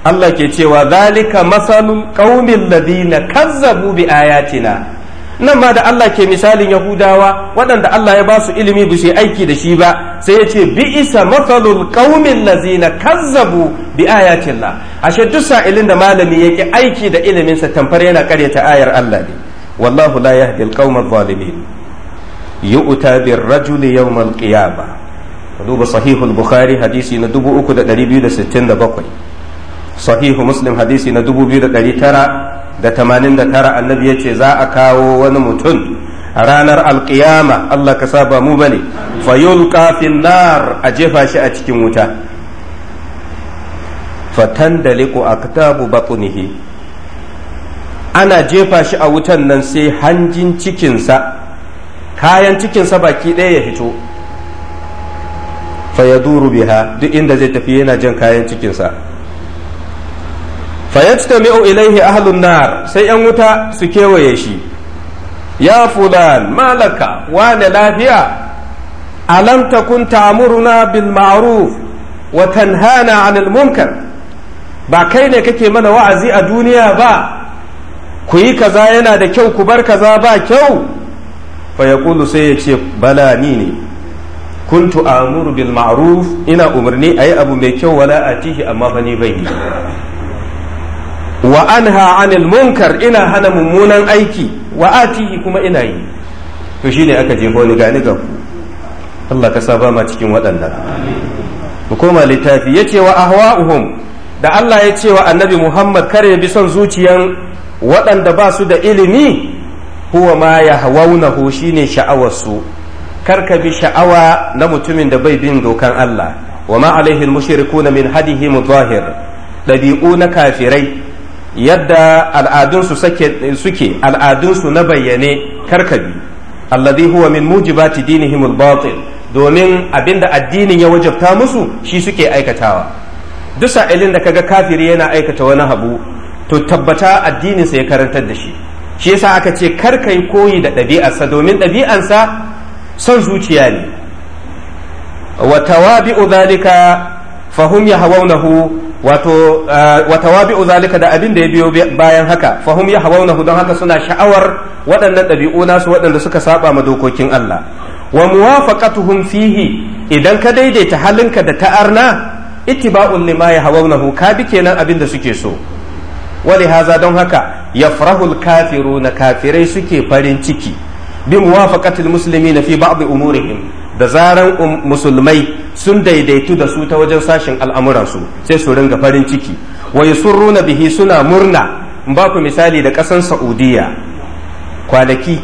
Allah ke cewa zalika masalun ƙaunin ladina kazzabu bi ayatina nan ma da Allah ke misalin Yahudawa waɗanda Allah ya ba su ilimi ba su aiki da shi ba sai ya ce bi isa mafalul qaumin lazina kazzabu bi ayatillah ashe duk sa'ilin da malami yake aiki da iliminsa tamfar yana karyata ayar Allah ne wallahu la yahdi alqawma adh-dhalimin yu'ta bir-rajuli yawm al-qiyamah duba sahihul bukhari hadisi na 3267 sahihu muslim hadisi na 2900 da tamanin da tara annabi ya ce za a kawo wani mutum a ranar alkiyama Allah ka saba mu bane kafin nar a jefa shi a cikin wuta fatan da liku katabu bakunihi ana jefa shi a wutan nan sai hanjin cikinsa kayan cikinsa baki ɗaya ya fito duru biha duk inda zai tafi yana jan kayan cikinsa fayajtami'u ilaihi ahlun nar sai yan wuta su kewaye shi ya fulan malaka wane lafiya alam takun ta'muruna bil ma'ruf wa tanhana 'anil munkar ba kai ne kake mana wa'azi a duniya ba ku yi kaza yana da kyau ku bar kaza ba kyau fa yaqulu sai ya ce bala ni ne kuntu amuru bil ma'ruf ina umarni ayi abu mai kyau wala atihi amma fa ni bai wa anha anil munkar ina hana mummunan aiki wa atihi kuma ina yi to shine aka jefo ni gani ga ku Allah ka saba ma cikin waɗannan mu koma littafi yace wa ahwa'uhum da Allah ya ce wa annabi Muhammad kare bi son zuciyan waɗanda ba su da ilimi huwa ma yahwaunahu shine sha'awarsu kar ka bi sha'awa na mutumin da bai bin dokan Allah wa ma alaihi mushrikuna min hadihi mudahir dabi'u na kafirai yadda al'adunsu suke al'adunsu na bayyane karkabi alladhi huwa min mujibati dinihim al-batil domin abinda addinin ya wajabta musu shi suke aikatawa duk sa'ilin da kaga kafiri yana aikata wani habu to tabbata addinin sa ya karantar da shi shi yasa aka ce kar yi koyi da ɗabi'arsa domin ɗabi'arsa son zuciya ne wa tawabi'u dhalika fahum yahawunahu wato ah, watawabi'u zalika da abin da ya biyo bayan haka fahum ya hawaunahu don haka suna sha'awar waɗannan ɗabi'u nasu waɗanda suka saba ma dokokin Allah wa muwafaqatuhum fihi idan ka daidaita halinka da ta'arna ittiba'un lima ya hawaunahu ka bi kenan abin da suke so wali haza don haka yafrahul na kafirai suke farin ciki bi muwafaqatil muslimina fi ba'd umurihim da zaran um, musulmai sun daidaitu da su ta wajen sashen al'amuransu sai su ringa farin ciki sun runa bihi suna murna ba ku misali da ƙasan saudiya kwanaki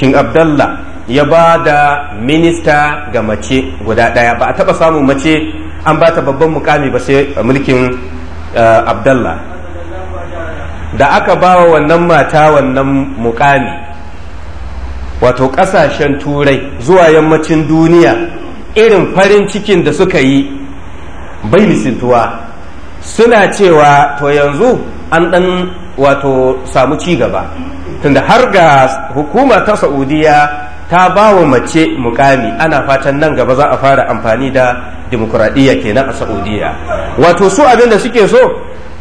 king abdallah ya ba da minista ga mace guda ɗaya ba a taɓa samun mace an ba ta babban mukami ba sai mulkin eh, abdallah da aka ba wa wannan mata wannan mukami wato ƙasashen turai zuwa yammacin duniya irin farin cikin da suka yi bai misintuwa suna cewa to yanzu an ɗan wato samu ci gaba tunda har ga hukuma ta saudiya ta ba wa mace mukami ana fatan nan gaba za a fara amfani da dimokuraɗiyya kenan a saudiya wato su abin da suke so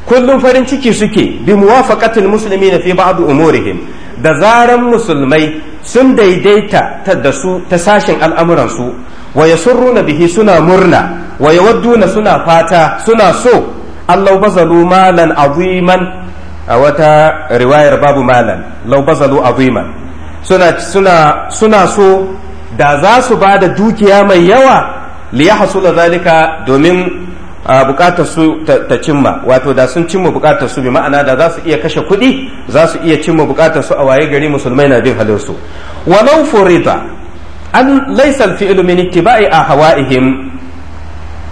kullum farin ciki suke bi muwafaqatil muslimina fi ba'd umurihim da zaran musulmai sun daidaita da su ta sashin al'amuransu waya sun bihi suna murna waya wadduna suna fata suna so allau bazalu malan aziman a wata riwayar babu malan lau bazalu aziman suna suna suna so da za su ba da dukiya mai yawa liya hasula zalika domin bukatar su ta cimma wato da sun cimma bukatar su bi ma'ana da za su iya kashe kuɗi za su iya cimma bukatar su a waye gari musulmai na bin halin su walau furida an laysal fi'lu min ittiba'i ahwa'ihim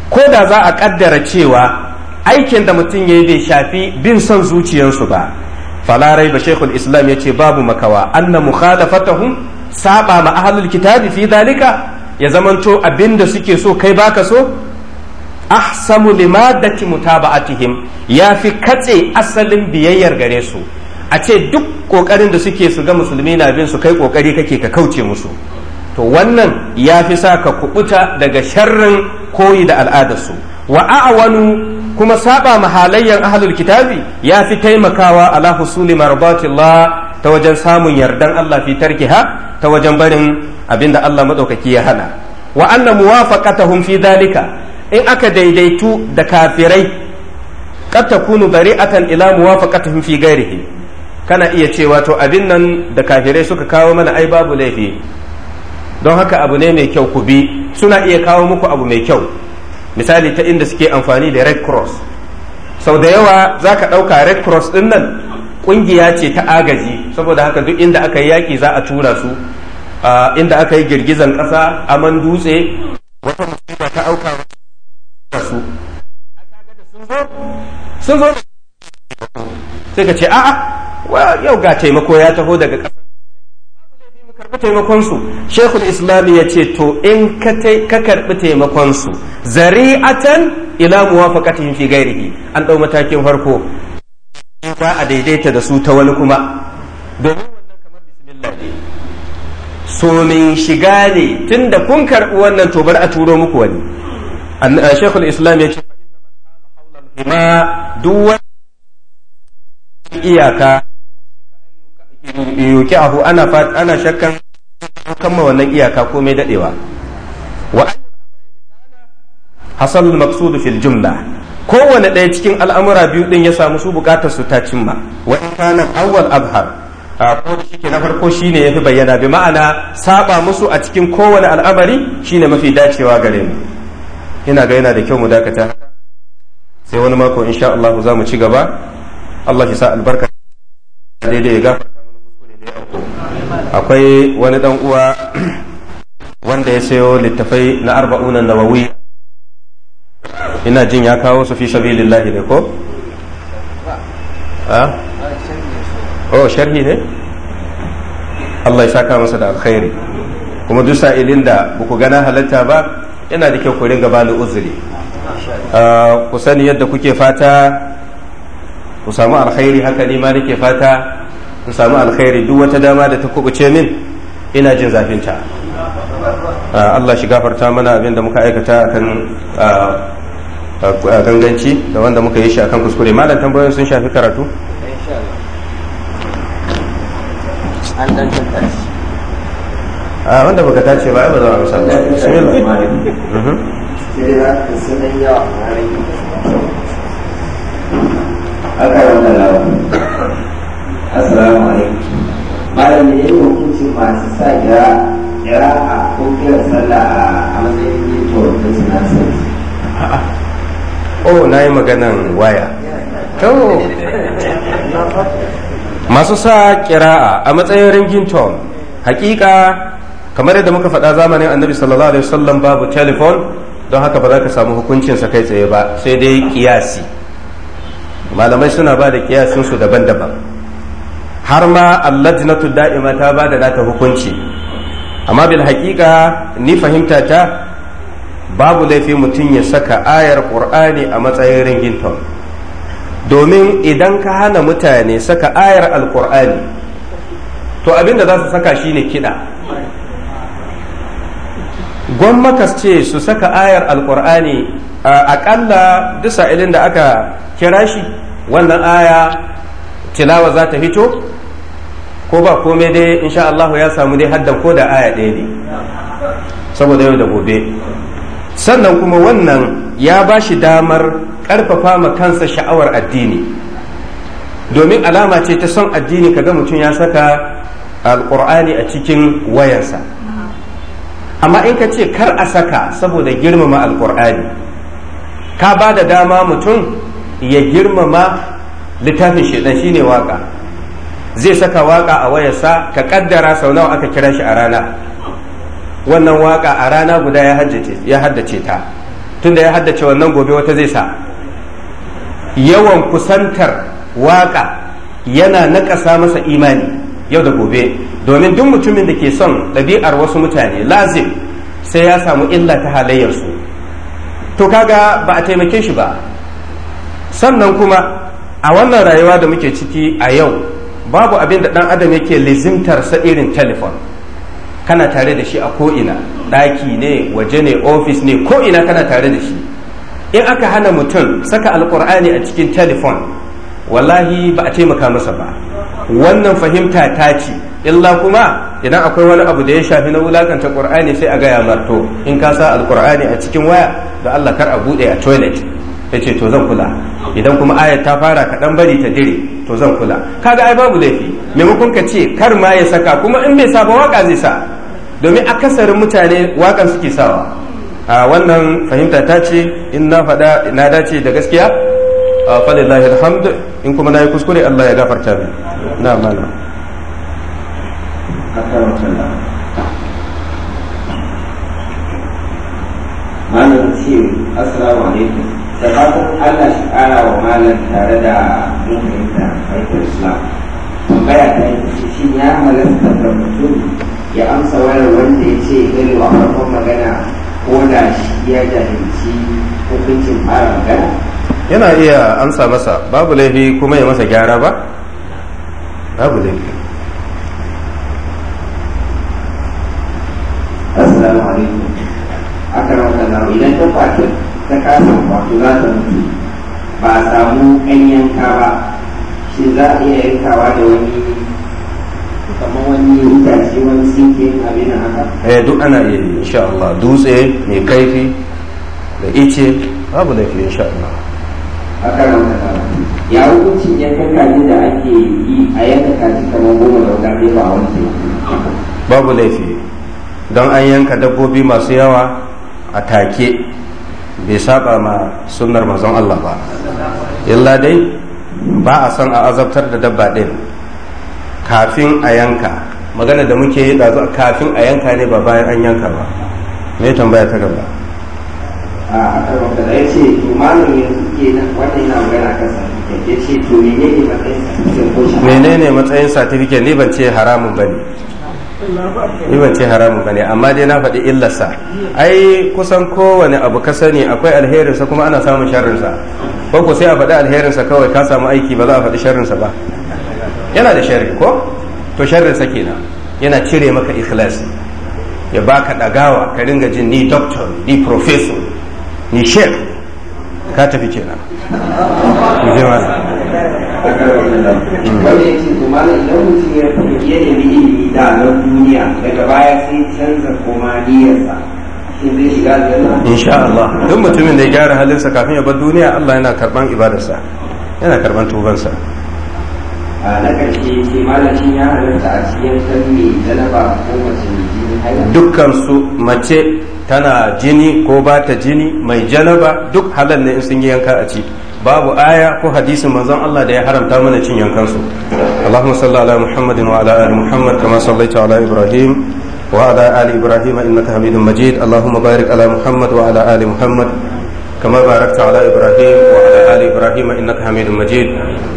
ko da za a kaddara cewa aikin da mutum ya yi bai shafi bin son zuciyarsu ba Falarai ba shaykhul islam ce babu makawa anna mukhalafatahum saba ma ahlul kitabi fi dalika ya zamanto abinda suke so kai baka so ahsamu limadati mutaba'atihim ya fi katse asalin biyayyar gare su a ce duk kokarin da suke su ga musulmi na bin su kai kokari kake ka kauce musu to wannan ya fi sa ka kubuta daga sharrin koyi da al'adar su wa a'wanu kuma saba mahalayyan ahlul kitabi ya fi taimakawa ala husuli marbatillah ta wajen samun yardan Allah fi tarkiha ta wajen barin abinda Allah madaukaki ya hana wa anna muwafaqatahum fi dalika in aka daidaitu da kafirai qad takunu bari'atan ila muwafaqatihim fi ghairihi kana iya cewa to abin nan da kafirai suka kawo mana ai babu laifi don haka abu ne mai kyau ku bi suna iya kawo muku abu mai kyau misali ta inda suke amfani da red cross sau da yawa za ka ɗauka red cross ɗin nan ƙungiya ce ta agaji saboda haka duk inda aka yi yaƙi za a tura su ah, inda aka yi girgizan ƙasa aman dutse wata sun zo sai ka ce a'a yau ga taimako ya taho daga ƙasar mu karɓi taimakonsu shekul islam ya ce to in ka karɓi taimakon taimakonsu zari'atan ila muwafaqatihim fi ghairihi an ɗau matakin farko ba a daidaita da su ta wani kuma domin wannan kamar bismillah ne so min shiga ne tunda kun karɓi wannan to bar a turo muku wani shekul islam ya ce duk wani iyaka yuki ahu ana ana shakkan kamma wannan iyaka komai dadewa wa hasalul maqsud fil jumla kowane ɗaya cikin al'amura biyu din ya samu su bukatar su ta cimma wa kana awwal abhar ko ke na farko shine yafi bayyana bi ma'ana saba musu a cikin kowane al'amari shine mafi dacewa gare mu ina ga yana da kyau mu dakata sai wani mako sha Allah za mu ci gaba Allah ya sa albarka daidai ya gafarta mana da ya akwai wani dan uwa wanda ya sayo littafai na arba'una nawawi ina jin ya kawo su fi sabilillahi ne ko a ah? oh sharhi ne Allah ya saka masa da alkhairi kuma duk sa'ilin da buku gana halatta ba yana da kyau ku ringa bani uzuri Ah, ku sani yadda kuke fata ku samu alkhairi haka ni ma nake fata ku samu alkhairi duk wata dama da ta kubuce min ina jin zafinta ah, Allah shi gafarta mana abin da muka aikata akan ah, ganganci da wanda muka yi shi akan kuskure malam tambayoyin sun shafi karatu a wanda baka tace ba ba za a amsa bismillah hijira da sunan yawa a rayu aka rana lawa assalamu alaikum malam ne yin hukunci masu sa kira kira a kofiyar sallah a matsayin yin tawakkal suna sai oh na yi maganan waya masu sa kira'a a matsayin ringin tom hakika kamar yadda muka faɗa zamanin annabi sallallahu alaihi wasallam babu telefon don haka ba za ka samu hukuncinsa kai tsaye ba sai dai kiyasi malamai suna ba da kiyasinsu daban-daban har ma allajnatu da'ima ta ba da nata hukunci amma bil haƙiƙa ni fahimta ta babu laifi mutum ya saka ayar ƙur'ani a matsayin ringington domin idan ka hana mutane saka ayar alƙur'ani to abinda za su saka shine kiɗa gwammakas ce su saka ayar alkur'ani aƙalla dusa ilin da aka kira shi wannan aya tilawa za ta hito ko ba komai dai insha Allah ya samu dai haddan ko da aya ɗaya ne saboda yau da gobe sannan kuma wannan ya ba shi damar ƙarfafa ma kansa sha'awar addini domin alama ce ta son addini kaga mutum ya saka alkur'ani a cikin wayansa amma in ka ce kar a saka saboda girmama alkur'ani ka ba da dama mutum ya girmama littafin shaidan shine waka zai saka waka a wayarsa ka kaddara sau nawa aka kira shi a rana wannan waka a rana guda ya haddace ta tunda ya haddace wannan gobe wata zai sa yawan kusantar waka yana naƙasa masa imani yau da gobe domin duk mutumin da ke son ɗabi'ar wasu mutane lazim sai ya samu illa ta halayyarsu to kaga ba a taimake shi ba sannan kuma a wannan rayuwa da muke ciki a yau babu abin da ɗan adam yake lizimtarsa irin telefon kana tare da shi a ko'ina ɗaki ne waje ne ofis ne ko'ina kana tare da shi in aka hana mutum saka alkur'ani a cikin telefon wallahi ba a taimaka masa ba wannan fahimta ta ce illa kuma idan akwai wani abu da ya shafi na wulakanta qur'ani sai a gaya marto in ka sa alqur'ani a cikin waya da Allah kar a bude a toilet yace to zan kula idan kuma ayat ta fara kaɗan bari ta dire to zan kula kaga ai babu laifi maimakon ka ce kar ma ya saka kuma in bai saba waka zai sa domin akasarin mutane wakan suke sawa a wannan fahimta ta ce in na fada na dace da gaskiya falillahi alhamdu in kuma na kuskure Allah ya gafarta na akara sallah malam ce assalamu alaikum da fatan Allah shi kara wa malam tare da mun da aikin islam tambaya ta yi shi ya halasta da mutum ya amsa wayar wanda ya ce gani wa farkon magana ko da shi ya jahilci hukuncin fara magana yana iya amsa masa babu laifi kuma ya masa gyara ba babu laifi ko kwakin ta kasa wato za ta mutu ba a samu ɗan yanka ba shi za a iya yankawa da wani kamar wani itace wani sinke abin haka eh duk ana iya yi insha Allah dutse mai kaifi da ice babu da ke insha Allah a nan ta ya hukunci yankan kaji da ake yi a yanka kaji kamar goma da wata ba a wanke babu laifi don an yanka dabbobi masu yawa a take bai saba ma sunnar mazan Allah ba illa dai ba a son a azabtar da dabba ɗin kafin a yanka magana da muke yi ɗazu kafin a yanka ne ba bayan an yanka ba me tambaya ta gaba a karfafa da ya ce to malam yanzu ke nan wannan yana magana kan ya ce to menene matsayin certificate ko menene matsayin ne ban ce haramun ba ne yi ban ce haramun bane amma dai na faɗi illarsa ai kusan kowane abu ka sani akwai alherinsa kuma ana samun sharrinsa ko ku sai a faɗi alherinsa kawai ka samu aiki ba za a faɗi sharrinsa ba yana da sharri ko to sharrinsa kenan yana cire maka ikhlas ya baka ɗagawa ka ringa jin ni doctor ni professor ni chef ka tafi kenan wanda ya ce to malam idan mutum ya ilimi da duniya daga baya sai canza koma Allah duk mutumin da ya gyara halinsa kafin ya bar duniya Allah yana karban ibadarsa mace dukkan su mace tana jini ko ba ta jini mai janaba duk halal ne in sun yi yanka a ci babu aya ko hadisin manzon Allah da ya haramta mana cin yankansu Allahumma salli ala Muhammadin wa ala ali Muhammad kama sallaita ala Ibrahim wa ala ali Ibrahim innaka Hamidum Majid Allahumma barik ala Muhammad wa ala ali Muhammad كما باركت على ابراهيم وعلى ال ابراهيم انك حميد مجيد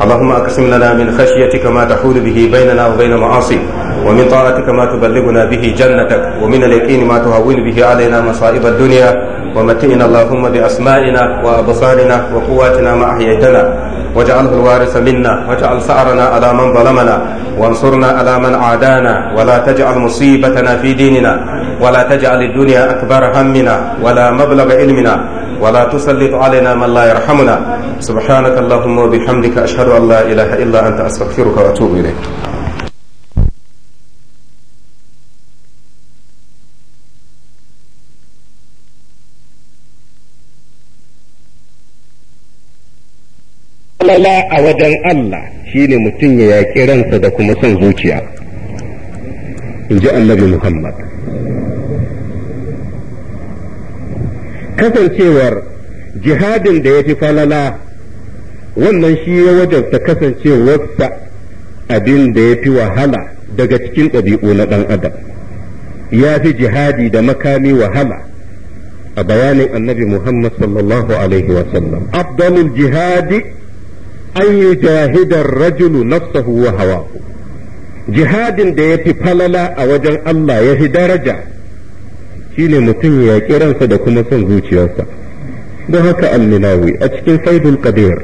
اللهم اقسم لنا من خشيتك ما تحول به بيننا وبين معاصيك ومن طاعتك ما تبلغنا به جنتك ومن اليقين ما تهون به علينا مصائب الدنيا ومتئنا اللهم بأسمائنا وأبصارنا وقواتنا ما أحييتنا واجعله الوارث منا واجعل ثأرنا على من ظلمنا وانصرنا على من عادانا ولا تجعل مصيبتنا في ديننا ولا تجعل الدنيا أكبر همنا ولا مبلغ علمنا ولا تسلط علينا من لا يرحمنا سبحانك اللهم وبحمدك أشهد أن لا إله إلا أنت أستغفرك وأتوب إليك falala a wajen Allah shine mutum ya yaƙi ransa da kuma son zuciya in ji annabi Muhammad kasancewar jihadin da ya fi falala wannan shi ya wajabta kasancewarsa abin da ya fi wahala daga cikin ɗabi'u na ɗan adam ya fi jihadi da makami wahala a bayanin annabi muhammad sallallahu alaihi wasallam afdalul jihadi an yi jahidar rajulu nafsahu wa hawa jihadin da ya fi falala a wajen Allah ya fi daraja shine mutum ya yaƙi ransa da kuma son zuciyarsa don haka al-milawi a cikin faidul qadir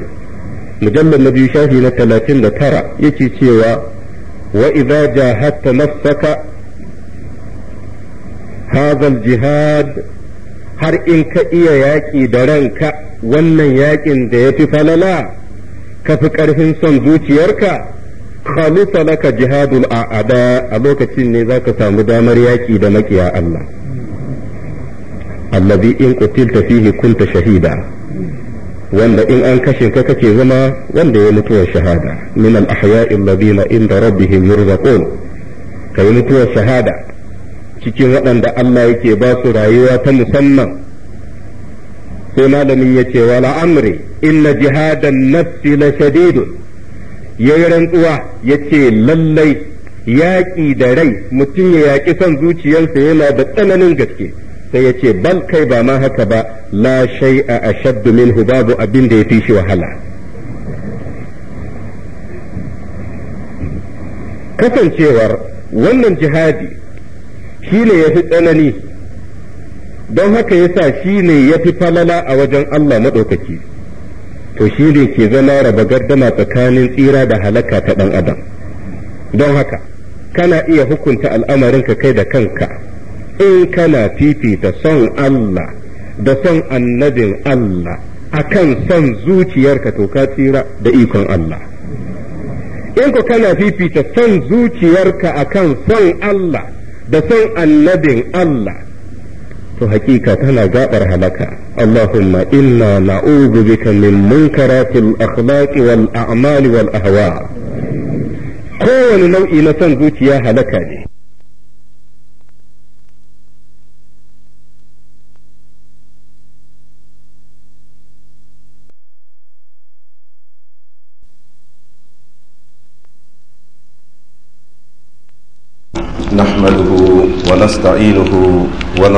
mujallar na biyu shafi na talatin da tara yake cewa wa idza jahadta nafsaka hadha jihad har in ka iya yaƙi da ranka wannan yaƙin da ya fi falala ka fi ƙarfin son zuciyarka khalisa laka jihadul a'ada a lokacin ne za ka samu damar yaƙi da maƙiya Allah allazi in qutilta fihi kunta shahida wanda in an kashe ka kake zama wanda ya mutuwar shahada min al ahya'i alladhina inda rabbihim yurzaqun kai mutuwar shahada cikin waɗanda Allah yake ba su rayuwa ta musamman sai malamin ya ce wala amri inna jihadan nafsi la ya yayi rantsuwa ce lallai yaƙi da rai mutum ya yaƙi son zuciyarsa yana da tsananin gaske sai ya ce bal kai ba ma haka ba la a ashaddu minhu babu abin da ya fi shi wahala kasancewar wannan jihadi shi ne ya fi tsanani don haka yasa shi ne ya fi falala a wajen Allah maɗaukaki to shi ne ke zama raba gardama tsakanin tsira da halaka ta ɗan adam don haka kana iya hukunta al'amarinka kai da kanka in kana fifita son Allah da son annabin Allah akan son zuciyarka to ka tsira da ikon Allah in ku kana fifita son zuciyarka akan son Allah da son annabin Allah to hakika tana gabar halaka Allahumma inna na'udhu bika min munkaratil akhlaqi wal a'mali wal ahwa kowane nau'i na son zuciya halaka ne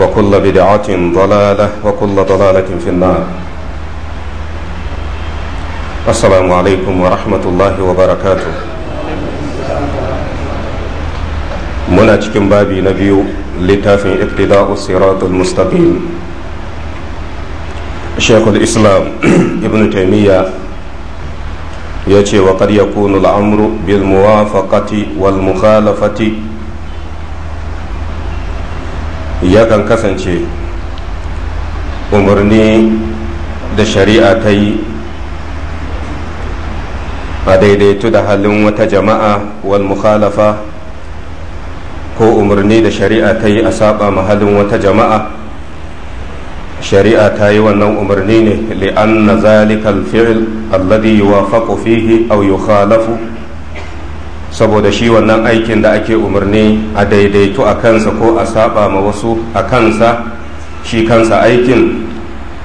وكل بدعة ضلالة وكل ضلالة في النار السلام عليكم ورحمة الله وبركاته مناجكم بابي نبي لتاف اقتداء الصراط المستقيم شيخ الإسلام ابن تيمية يأتي وقد يكون الأمر بالموافقة والمخالفة yakan kasance umarni da shari'a ta yi a daidaitu da halin wata jama'a wal mukhalafa ko umarni da shari'a ta yi a saba halin wata jama'a shari'a ta yi wannan umarni ne li'anna zalikal fi'l alladhi yuwafaqu fihi aw yukhalafu saboda shi wannan aikin da ake umarni a daidaitu a kansa ko a saba ma wasu a kansa shi kansa aikin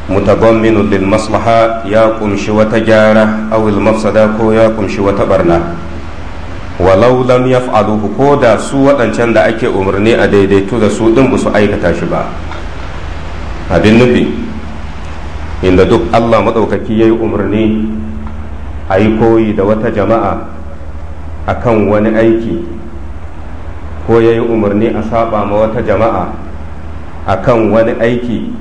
mutagamminu lil maslaha ya kumshi wata gyara awil mafsada ko ya kumshi wata barna walau lam yaf'aluhu ko da su waɗancan da ake umarni a daidaitu da su ɗin su aikata shi ba abin nufi inda duk Allah maɗaukaki ya yi umarni a yi koyi da wata jama'a akan wani aiki ko ya yi umarni a saba ma wata jama'a akan wani aiki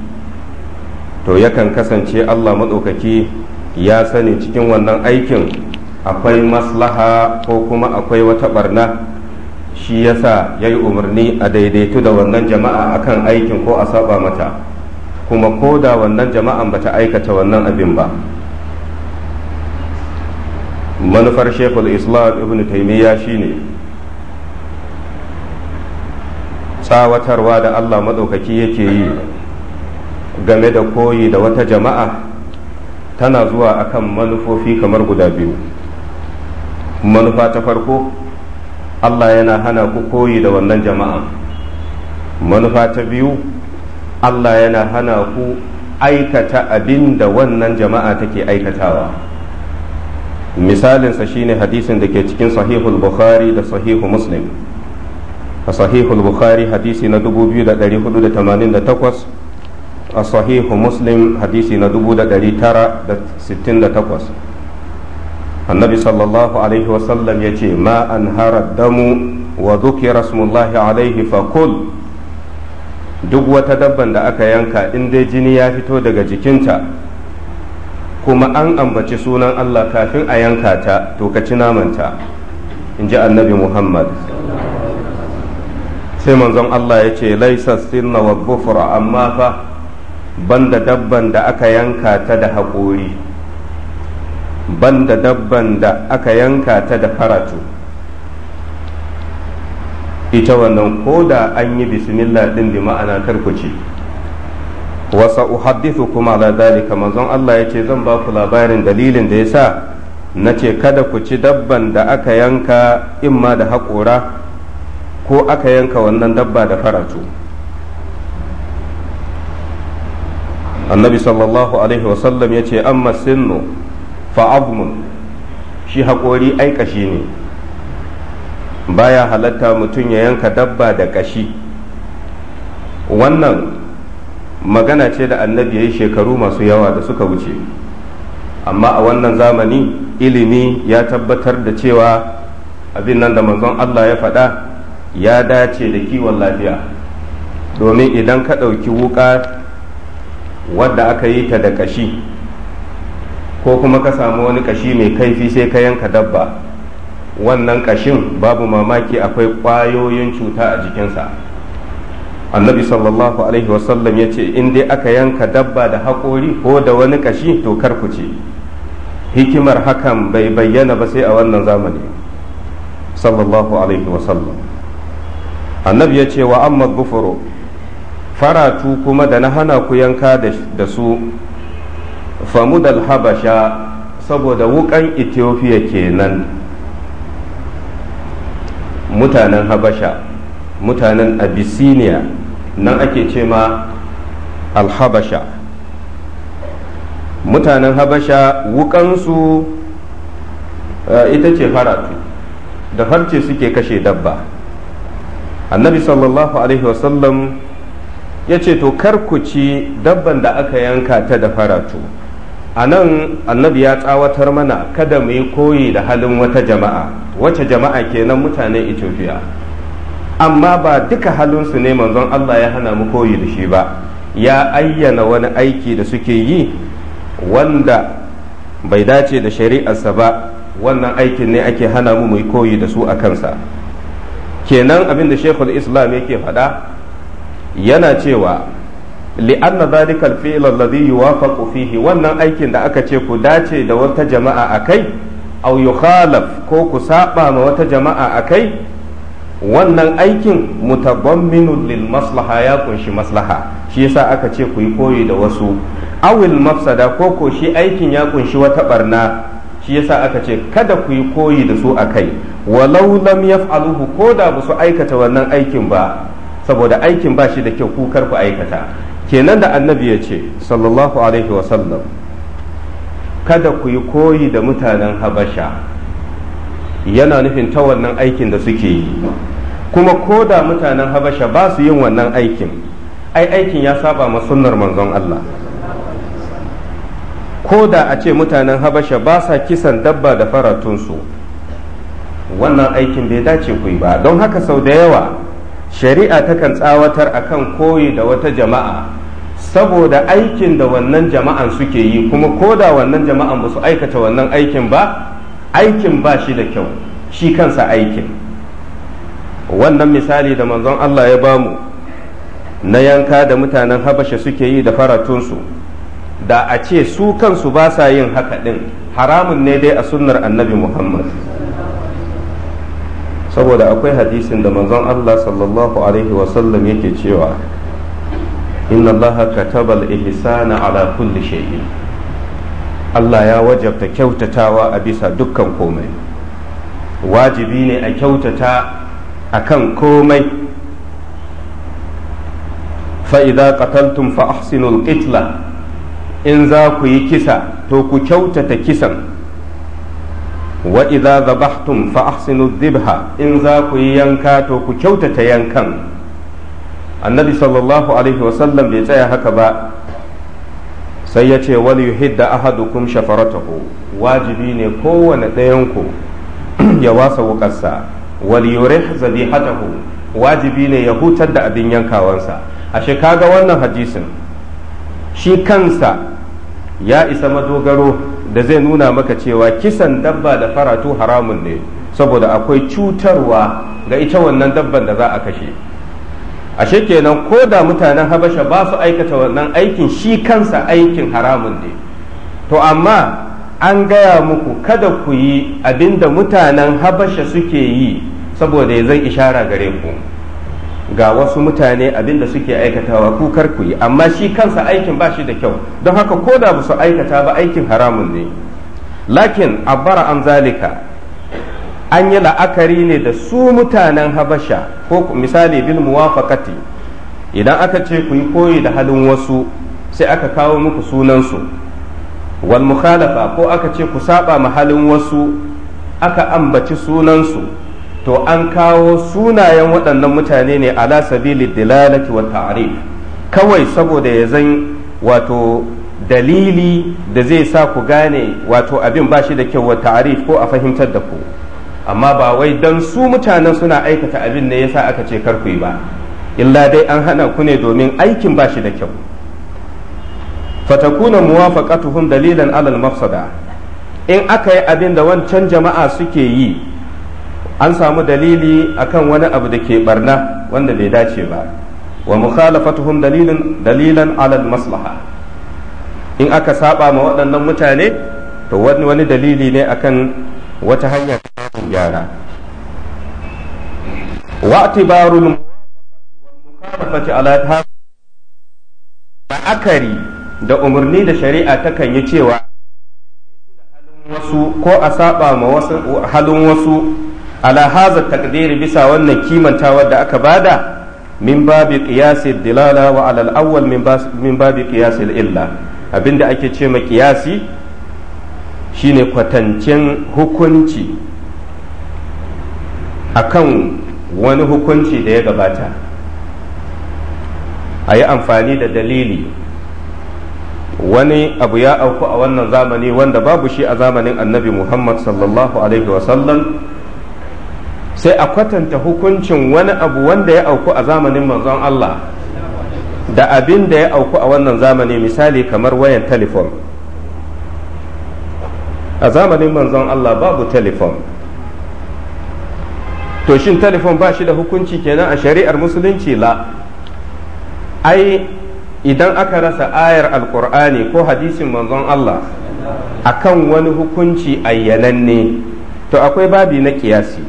to yakan kasance allah maɗaukaki ya sani cikin wannan aikin akwai maslaha ko kuma akwai wata barna shi yasa ya yi umarni a daidaitu da wannan jama'a akan aikin ko a saba mata kuma ko da wannan jama'an bata aikata wannan abin ba manufar shekul islam ibn taimiyya shine tsawatarwa da allah maɗaukaki yake yi game da koyi da wata jama'a tana zuwa akan manufofi kamar guda biyu manufa ta farko allah yana hana ku koyi da wannan jama'a manufa ta biyu allah yana hana ku aikata abin da wannan jama'a take aikatawa misalinsa shine hadisin da ke cikin sahihul bukhari da sahihu muslim a sahihul bukhari hadisi na 2488 a sahihu muslim hadisi na 1968 annabi sallallahu alaihi wasallam ya ce ma an harar damu wa zuki rasmullahi alaihi fakul duk wata dabban da aka yanka in dai jini ya fito daga jikinta kuma an ambaci sunan Allah kafin a yanka ta to ka ci namanta in ji annabi Muhammad sai manzon Allah ya ce laisa sinna wa gufra amma fa banda dabban da aka yanka ta da haƙori banda dabban da aka yanka ta da faratu ita wannan ko da an yi bismillah din bi ma'ana karkuci wasa uhaddithu kuma ala dalika manzon Allah ya ce zan ba ku labarin dalilin da ya sa na ce kada ku ci dabban da aka yanka imma da haƙora ko aka yanka wannan dabba da faratu annabi sallallahu alaihi wasallam ya ce amma sinnu fa'abmun shi haƙori ai ƙashi ne baya halatta mutum ya yanka dabba da ƙashi wannan magana ce da annabi ya yi shekaru masu yawa da suka wuce amma a wannan zamani ilimi ya tabbatar da cewa abin nan da manzon Allah ya faɗa ya dace da kiwon lafiya domin idan ka ɗauki wuƙa wadda aka yi ta da ƙashi ko kuma ka samu wani ƙashi mai kaifi sai ka yanka dabba wannan ƙashin babu mamaki akwai ƙwayoyin cuta a jikinsa. annabi sallallahu alaihi wasallam ya ce in dai aka yanka dabba da haƙori ko da wani kashi to kar ku ce hikimar hakan bai bayyana ba sai a wannan zamani sallallahu alaihi wasallam annabi ya ce wa amma gufuro faratu kuma da na hana ku yanka da su dal habasha saboda wukan ethiopia kenan mutanen habasha mutanen abyssinia nan ake ce ma alhabasha mutanen habasha wukansu eh, ita ce faratu da farce suke kashe dabba annabi sallallahu alaihi wasallam ya ce to kar ku ci dabban da aka yanka ta da faratu a nan annabi ya tsawatar mana kada mu yi koyi da halin wata jama'a wace jama'a kenan mutanen ethiopia amma ba duka halinsu ne manzon Allah ya hana mu koyi da shi ba ya ayyana wani aiki da suke yi wanda bai dace da shari'arsa ba wannan aikin ne ake hana mu mai koyi da su a kansa kenan abin da shekul islam yake faɗa yana cewa li'anna zalika al-fi'l alladhi yuwafaqu fihi wannan aikin da aka ce ku dace da wata jama'a akai aw yukhalaf ko ku saba ma wata jama'a akai wannan aikin mutabamminu lil maslaha ya kunshi maslaha shi yasa aka ce ku yi koyi da wasu awil mafsada ko ko shi aikin ya kunshi wata barna shi yasa aka ce kada ku yi koyi da su akai walau lam yaf'aluhu ko da ba su aikata wannan aikin ba saboda aikin ba shi da kyau ku kar aikata kenan da annabi ya ce sallallahu alaihi wasallam kada ku yi koyi da mutanen habasha yana nufin ta wannan aikin da suke yi kuma ko da mutanen habasha ba su yin wannan aikin ai aikin ya saba ma sunnar manzon Allah ko da a ce mutanen habasha ba sa kisan dabba da faratunsu wannan aikin bai dace ku yi ba don haka sau da yawa shari'a takan tsawatar a kan koyi da wata jama'a saboda aikin da wannan jama'an suke yi kuma ko da wannan jama'an ba su aikata wannan aikin ba aikin ba shi da kyau shi kansa aikin wannan misali da manzon Allah ya bamu na yanka da mutanen habasha suke yi da faratunsu da a ce su kansu ba sa yin haka ɗin haramun ne dai a sunnar annabi muhammad saboda akwai hadisin da manzon Allah sallallahu alaihi wasallam yake cewa inna allaha kataba al-ihsana ala kulli shay'in Allah ya wajabta kyautatawa a bisa dukkan komai wajibi ne a kyautata a kan komai fa'iza qataltum fa ƙitla qitla in za ku yi kisa to ku kyautata kisan za zabahtun zabahtum fa in za ku yi yanka to ku kyautata yankan annabi sallallahu alaihi wasallam bai tsaya haka ba sai ya ce wal yuhidda ahadukum shafaratahu wajibi ne kowane ɗayanku ya wasa wukarsa wal yurih zabihatahu wajibi ne ya hutar da abin yankawansa a kaga wannan hadisin shi kansa ya isa madogaro da zai nuna maka cewa kisan dabba da faratu haramun ne saboda akwai cutarwa ga ita wannan dabban da za a kashe ashe kenan ko da mutanen habasha ba su aikata wannan aikin shi kansa aikin haramun ne to amma an gaya muku kada ku yi abinda mutanen habasha suke yi saboda ya zan ishara gare ku ga wasu mutane abinda suke aikatawa ku kar ku yi amma shi kansa aikin ba shi da kyau don haka ko da ba su aikata ba aikin haramun ne lakin abara an zalika an yi la'akari ne da su mutanen habasha ko misali bil muwafaqati idan aka ce ku yi koyi da halin wasu sai aka kawo muku sunansu wal mukhalafa ko aka ce ku saba ma halin wasu aka ambaci sunansu to an kawo sunayen waɗannan mutane ne ala sabili dilalati wa ta'rif kawai saboda ya zan wato dalili da zai sa ku gane wato abin ba shi da kyau wa ta'rif ko a fahimtar da ku amma ba wai dan su mutanen suna aikata abin ne yasa aka ce kar ku yi ba illa dai an hana ku ne domin aikin ba shi da kyau fatakuna muwafaqatuhum dalilan alal mafsada in aka yi abin da wancan jama'a suke yi an samu dalili akan wani abu da ke barna wanda bai dace ba wa mukhalafatuhum dalilan dalilan alal maslaha in aka saba ma waɗannan mutane to wani dalili ne akan wata hanya ta samun gyara wa'tibarul mukhalafati ala la'akari da umarni da shari'a ta kan yi cewa wasu ko a saba ma wasu halin wasu ala haza takdiri bisa wannan kimantawa da aka bada min babi qiyasi dilala wa ala awwal min babi qiyasi illa abinda ake ce ma qiyasi shine kwatancin hukunci kan wani hukunci da ya gabata a yi amfani da dalili wani abu ya auku a wannan zamani wanda babu shi a zamanin annabi muhammad sallallahu alaihi wasallam sai a kwatanta hukuncin wani abu wanda ya auku a zamanin manzon allah da abin da ya auku a wannan zamani misali kamar wayan telephone a zamanin manzon Allah babu telefon to shin telefon ba shi da hukunci kenan a shari'ar musulunci la ai idan aka rasa ayar alkur'ani ko hadisin manzon Allah akan wani hukunci ayyananne to akwai babi na kiyasi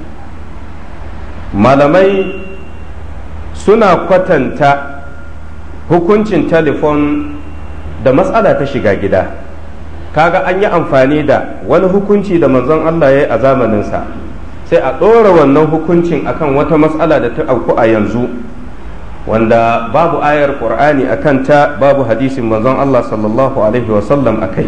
malamai suna kwatanta hukuncin telefon da matsala ta shiga gida kaga an yi amfani da wani hukunci da manzon Allah ya yi a zamaninsa sai a ɗora wannan hukuncin akan wata matsala da ta auku a yanzu wanda babu ayar ƙur'ani a kanta babu hadisin manzon Allah sallallahu alaihi wasallam a kai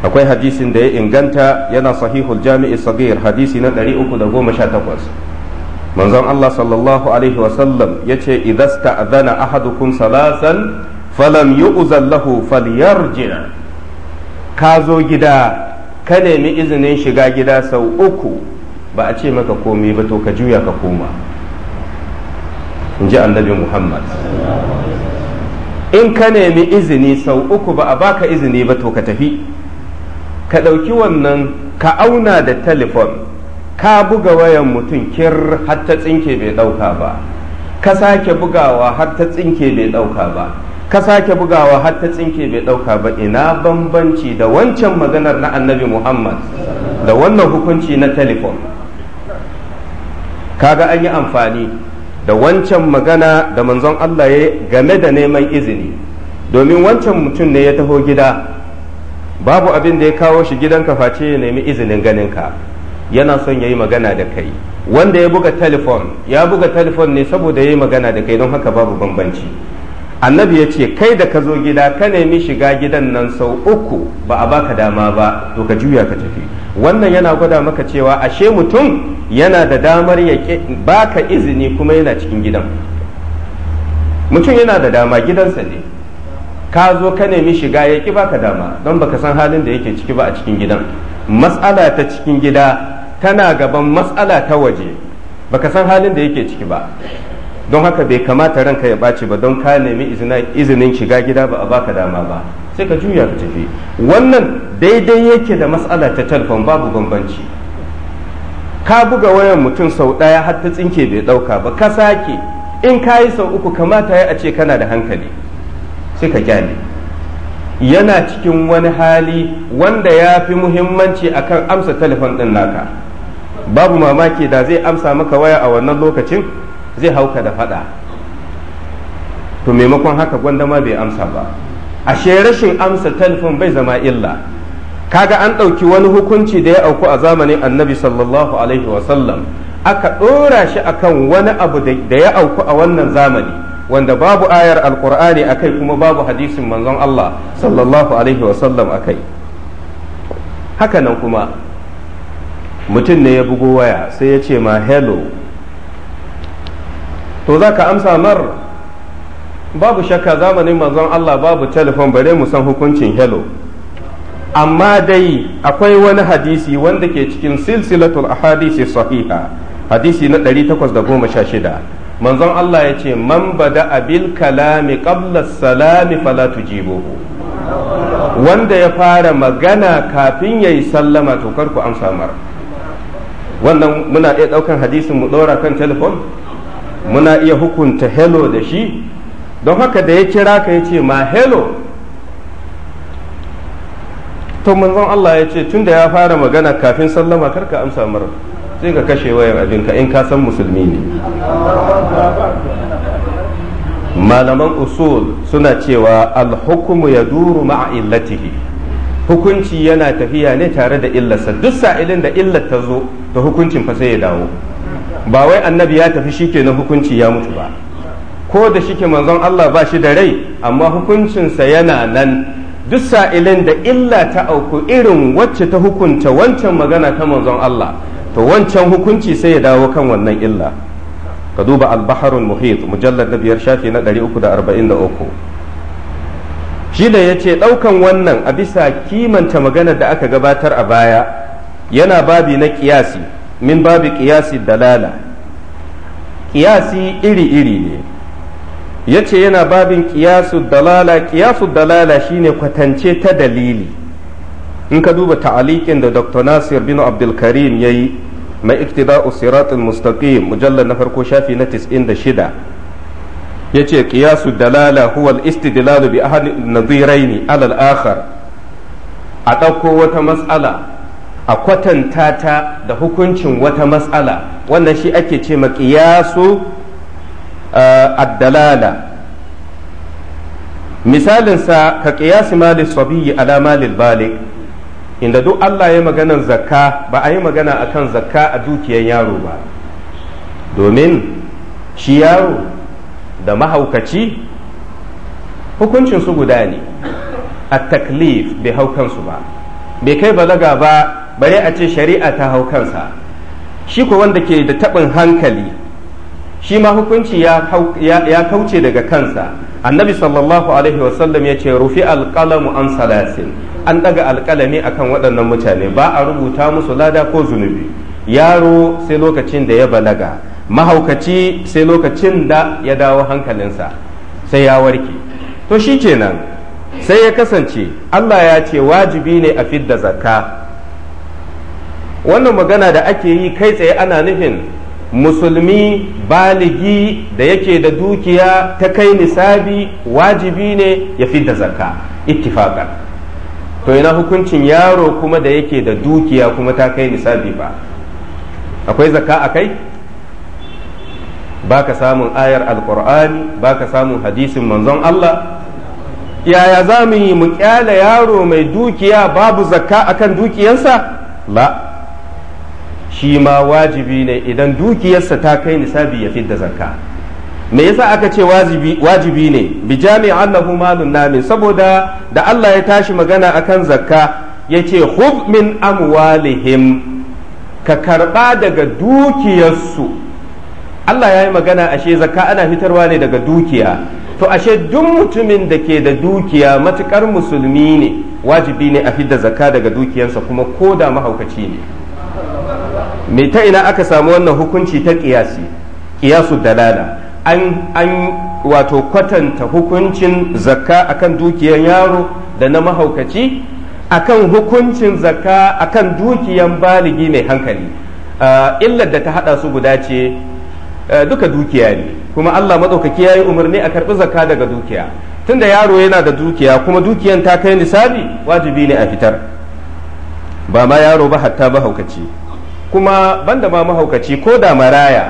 akwai hadisin da ya inganta yana sahihul jami'i sagir hadisi na 318 manzon Allah sallallahu alaihi wasallam ya ce idasta adana ahadukum salasan falam yu'zan lahu falyarji' ka zo gida ka nemi izinin shiga gida sau uku ba a ce maka komai ba to ka juya ka koma in ji annabi muhammad in ka nemi izini sau uku ba a baka izini ba to ka tafi ka ɗauki wannan ka auna da telefon ka buga wayan mutum kir har ta tsinke bai ɗauka ba ka sake bugawa har ta tsinke bai ɗauka ba ka sake bugawa har ta tsinke bai ɗauka ba ina bambanci da wancan maganar na annabi muhammad da wannan hukunci na telefon kaga an yi amfani da wancan magana da manzon allah ya game da neman izini domin wancan mutum ne ya taho gida babu abin da ya kawo shi gidan ka face ya nemi izinin ganinka yana son ya yi magana da kai wanda ya buga telefon ya buga telefon ne saboda ya yi magana da kai don haka babu bambanci. annabi ya ce kai da ka zo gida ka nemi shiga gidan nan sau uku ba a baka dama ba to ka juya ka tafi wannan yana gwada maka cewa ashe mutum yana da damar ya baka izini kuma yana cikin gidan mutum yana da dama gidansa ne ka zo ka nemi shiga ya ki baka dama don baka san halin da yake ciki ba a cikin gidan matsala ta cikin gida tana gaban matsala ta waje baka san halin da yake ciki ba don haka bai kamata ranka ya ɓace ba don ka nemi izinin shiga gida ba a baka dama ba sai ka juya ka tafi wannan daidai yake da matsala ta telefon babu bambanci ka buga wayan mutum sau ɗaya har ta tsinke bai ɗauka ba ka sake in ka yi sau uku kamata ya a ce kana da hankali sai ka gyale yana cikin wani hali wanda ya fi muhimmanci a kan amsa telefon ɗin naka babu mamaki da zai amsa maka waya a wannan lokacin zai hauka da faɗa to maimakon haka gwandama bai amsa ba ashe rashin amsa telefon bai zama illa kaga an ɗauki wani hukunci da ya auku a zamanin annabi sallallahu alaihi wasallam aka ɗora shi akan wani abu da ya auku a wannan zamani wanda babu ayar alkur'ani akai kuma babu hadisin manzon Allah sallallahu alaihi wasallam akai haka nan kuma mutum ne ya bugo waya sai ya ce ma hello to za ka amsa mar babu shakka zamanin manzon Allah babu telefon bare mu san hukuncin hello amma dai akwai wani hadisi wanda ke cikin silsilatul ahadisi sahiha hadisi na 816 manzon Allah ya ce man bada abil kalami qabla salami fala tujibuhu wanda ya fara magana kafin yayi sallama to kar ku amsa mar wannan muna iya daukan hadisin mu dora kan telefon muna iya hukunta hello da shi don haka da ya kira ka ya ce ma hello to manzon Allah ya ce tunda ya fara magana kafin sallama karka amsa mara sai ka kashe wayan abinka in ka san musulmi ne malaman usul suna cewa alhukumu ya duru ma'a illatihi hukunci yana tafiya ne tare da illarsa duk sa'ilin da illar ta zo da hukuncin fa sai ya dawo ba wai annabi ya tafi shike na hukunci ya mutu ba ko da shike manzon Allah ba shi da rai amma hukuncinsa yana nan duk sa'ilin da illa ta auku irin wacce ta hukunta wancan magana ta manzon Allah to wancan hukunci sai ya dawo kan wannan illa ka duba al-baharul muhit mujallad na biyar shafi na 343 shi da ya ce ɗaukan wannan a bisa kimanta magana da aka gabatar a baya yana babi na kiyasi. min babu qiyasi dalala Kiyasi iri-iri ne yace yana babin Kiyasu dalala qiyasu dalala shine kwatance ta dalili in ka duba ta'aliƙin da Dr. Nasir bin Abdulkarim ya yi, mai iktida'u siratul mustaqim mujallar na farko shafi na 96 yace qiyasu dalala huwal istidlalu bi ahad nadhiraini ala alal, akhar a ɗauko wata matsala. a kwatanta ta da hukuncin wata matsala wannan shi ake ce maƙiyasu eh, addalala misalinsa ka ƙiyasi malin sabiyyi ala malin balik inda duk Allah ya magana zakka ba a yi magana kan zakka a dukiyar yaro ba domin shi yaro da mahaukaci hukuncin su guda ne a taklif bai hau kansu ba bai kai balaga ba Bari a ce shari'a ta hau kansa shi ko wanda ke da taɓin hankali shi ma hukunci ya kauce daga kansa annabi sallallahu alaihi wasallam ya ce rufi alƙalamu an salasin an ɗaga alƙalami akan waɗannan mutane ba a rubuta musu lada ko zunubi yaro sai lokacin da ya balaga mahaukaci sai lokacin da ya dawo hankalinsa sai ya warke to shi kenan sai ya kasance allah ya ce wajibi ne a fidda zakka wannan magana da ake yi kai tsaye ana nufin musulmi baligi da yake da dukiya ta kai nisabi wajibi ne ya fi da zakka ittifaka to yana hukuncin yaro kuma da yake da dukiya kuma ta kai nisabi ba akwai zakka a kai Ba ka samun ayar alkur'ani ka samun hadisin manzon Allah yaya za mu yi mu kyale yaro mai dukiya babu zakka akan dukiyansa la shi ma wajibi ne idan dukiyarsa ta kai nisabi ya fidda zakka me yasa aka ce wajibi ne bi jami annahu malun namin saboda da Allah ya tashi magana akan zakka ya ce hub min amwalihim ka karba daga dukiyarsu Allah ya yi magana ashe zakka ana fitarwa ne daga dukiya to ashe duk mutumin da ke da dukiya matukar musulmi ne wajibi ne a fidda zakka daga dukiyarsa kuma ko da mahaukaci ne me ta ina aka samu wannan hukunci ta kiyasi kiyasu dalala an an wato kwatanta hukuncin zakka akan dukiyar yaro da na mahaukaci akan hukuncin zakka akan dukiyar baligi mai hankali ah, illar da ta hada su guda ce eh, duka dukiya ne kuma Allah madaukaki yayi umarni a karbi zakka daga dukiya tunda yaro yana da dukiya kuma dukiyan ta kai nisabi wajibi ne a fitar ba ma yaro ba hatta mahaukaci kuma banda ma mahaukaci ko da maraya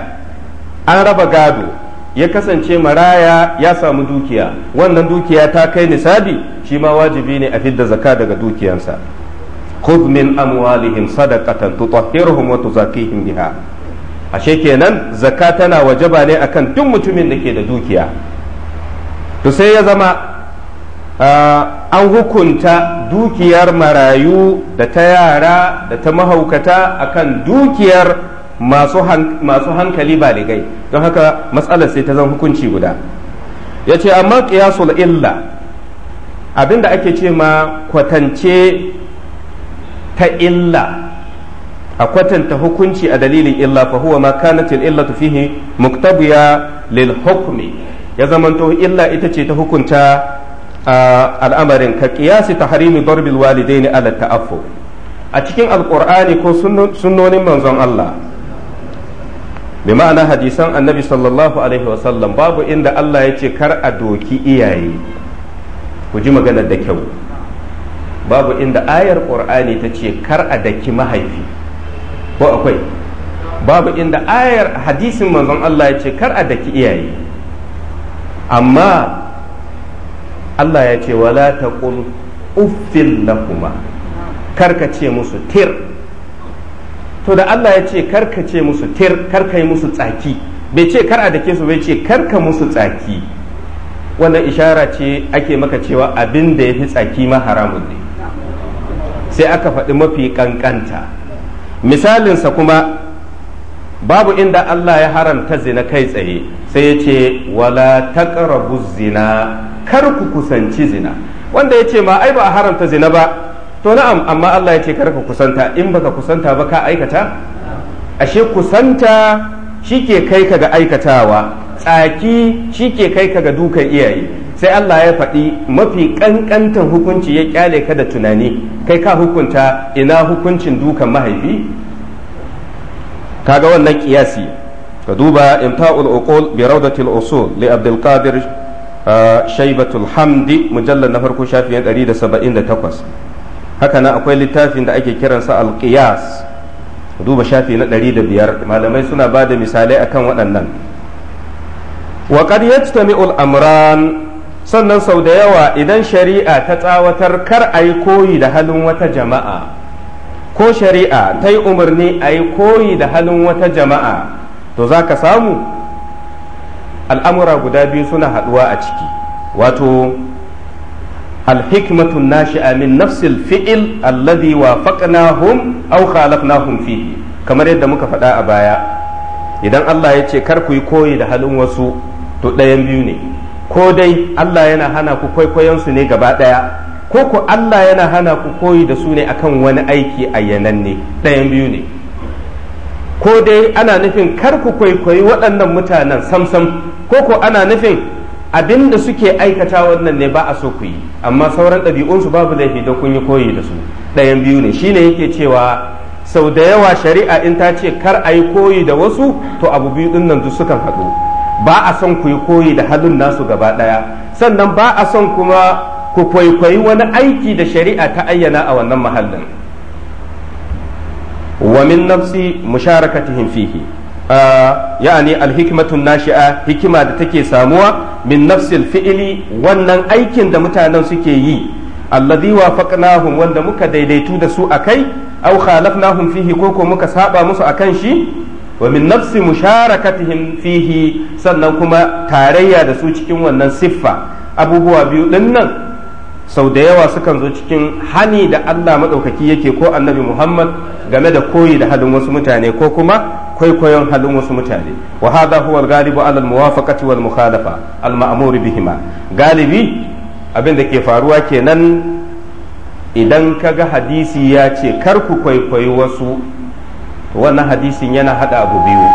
an raba gado ya kasance maraya ya samu dukiya wannan dukiya ta kai nisabi shi ma wajibi ne a fidda zaka daga dukiyansa khudh min amwalihim sadaqatan tutahhiruhum wa tuzakihim biya. ashe kenan zaka tana wajaba ne akan tun mutumin da ke da dukiya to sai ya zama ah, an hukunta dukiyar marayu da ta yara da ta mahaukata a kan dukiyar masu hankali baligai don haka matsalar sai ta zan hukunci guda ya ce amma ƙiyasul illa abinda ake ce ma kwatance ta illa a kwatanta hukunci a dalilin illa fa huwa ma kanat illa ta fihi muktabiya lil hukmi ya zamanto illa ita ce ta hukunta al'amarin ka qiyasi tahrimi darbil walidaini ala ta'affu a cikin alqur'ani ko sunnonin manzon Allah bi ma'ana hadisan annabi sallallahu alaihi wasallam babu inda Allah ya ce kar a doki iyaye ku ji maganar da kyau babu inda ayar qur'ani ta ce kar a daki mahaifi ko akwai babu inda ayar hadisin manzon Allah ya ce kar a daki iyaye amma Allah ya ce wala taqul uffil lakuma karka ce musu tir to da Allah ya ce karka ce musu tir karka yi musu tsaki bai ce kar a dake su bai ce karka musu tsaki wannan ishara ce ake maka cewa abin da ya fi tsaki ma haramun ne sai aka faɗi mafi ƙanƙanta misalinsa kuma babu inda Allah ya haramta zina kai tsaye sai ya ce wala taqrabu zina kar ku kusanci zina wanda ya ce ma ai ba a haramta zina ba to na'am amma Allah ya ce kar ka kusanta in baka kusanta ba ka aikata ashe kusanta shike kai ka ga aikatawa tsaki shike kai ka ga dukan iyaye sai Allah ya faɗi mafi ƙanƙantan hukunci ya kyale ka da tunani kai ka hukunta ina hukuncin dukan mahaifi kaga wannan kiyasi ka duba imta'ul uqul bi rawdatil usul li abdul qadir shaibatul hamdi mujallar na farko shafiyan 178 haka nan akwai littafin da ake kiransa alkiyas duba shafi na 105 malamai suna ba da misalai akan waɗannan wa qad yajtami'u amran sannan sau da yawa idan shari'a ta tsawatar kar a yi koyi da halin wata jama'a ko shari'a ta yi umarni a yi koyi da halin wata jama'a to za ka samu al'amura guda biyu suna haɗuwa a ciki wato alhikmatun shi amin nafsil fi'il alladhi wafaqnahum aw khalafnahum fihi kamar yadda muka faɗa a baya idan Allah ya ce kar ku yi koyi da halin wasu to ɗayan biyu ne ko dai Allah yana hana ku kwaikwayon su ne gaba ɗaya ko ku Allah yana hana ku koyi da su ne akan wani aiki a yananne ɗayan biyu ne ko dai ana nufin kar ku kwaikwayi waɗannan mutanen samsam ko ko ana nufin abin da suke aikata wannan ne ba a so ku yi amma sauran ɗabi'unsu babu laifi da kun yi koyi da su ɗayan biyu ne shine yake cewa sau da yawa shari'a in ta ce kar a yi koyi da wasu to abu biyu ɗin nan duk sukan haɗu ba a son ku yi koyi da halin nasu gaba ɗaya sannan ba a son kuma ku kwaikwayi wani aiki da shari'a ta ayyana a wannan mahallin wa min nafsi musharakatihim fihi ah, ya'ani alhikmatun nashi'a hikima da take samuwa min nafsil fi'ili wannan aikin da mutanen suke yi alladhi wafaqnahum wanda muka daidaitu da su akai aw khalafnahum fihi ko ko muka saɓa musu akan shi wa min nafsi musharakatihim fihi sannan kuma tarayya da su cikin wannan siffa abubuwa biyu dinnan sau da yawa sukan zo cikin hani da Allah maɗaukaki yake ko annabi Muhammad game da koyi da halin wasu mutane ko kuma kwaikwayon halin wasu mutane wa hadha huwa al-ghalibu ala al-muwafaqati wal mukhalafa al bihima galibi abin da ke faruwa kenan idan ka ga hadisi ya ce kar ku kwaikwayi wasu wannan hadisin yana hada abu biyu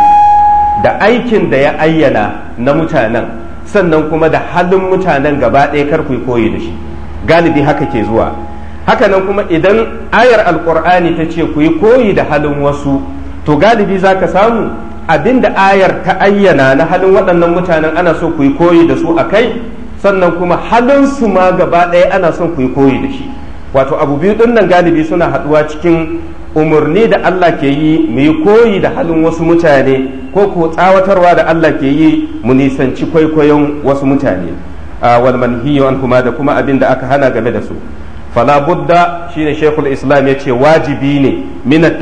da aikin da ya ayyana na mutanen sannan kuma da halin mutanen gaba ɗaya kar ku koyi da shi galibi haka ke zuwa hakanan kuma idan ayar alkur'ani ta ce ku yi koyi da halin wasu to galibi za ka samu abinda ayar ta ayyana na halin waɗannan mutanen ana so ku yi koyi da su a kai sannan kuma halin su ma gaba ɗaya ana son ku yi koyi da shi wato abu biyu ɗin nan galibi suna haɗuwa cikin umarni da Allah ke yi mu yi koyi da halin wasu mutane ko ko tsawatarwa da Allah ke yi mu nisanci kwaikwayon wasu mutane wal manhiyu anhuma da kuma abin da aka hana game da su fala budda shine shaykhul islam ya ce wajibi ne min at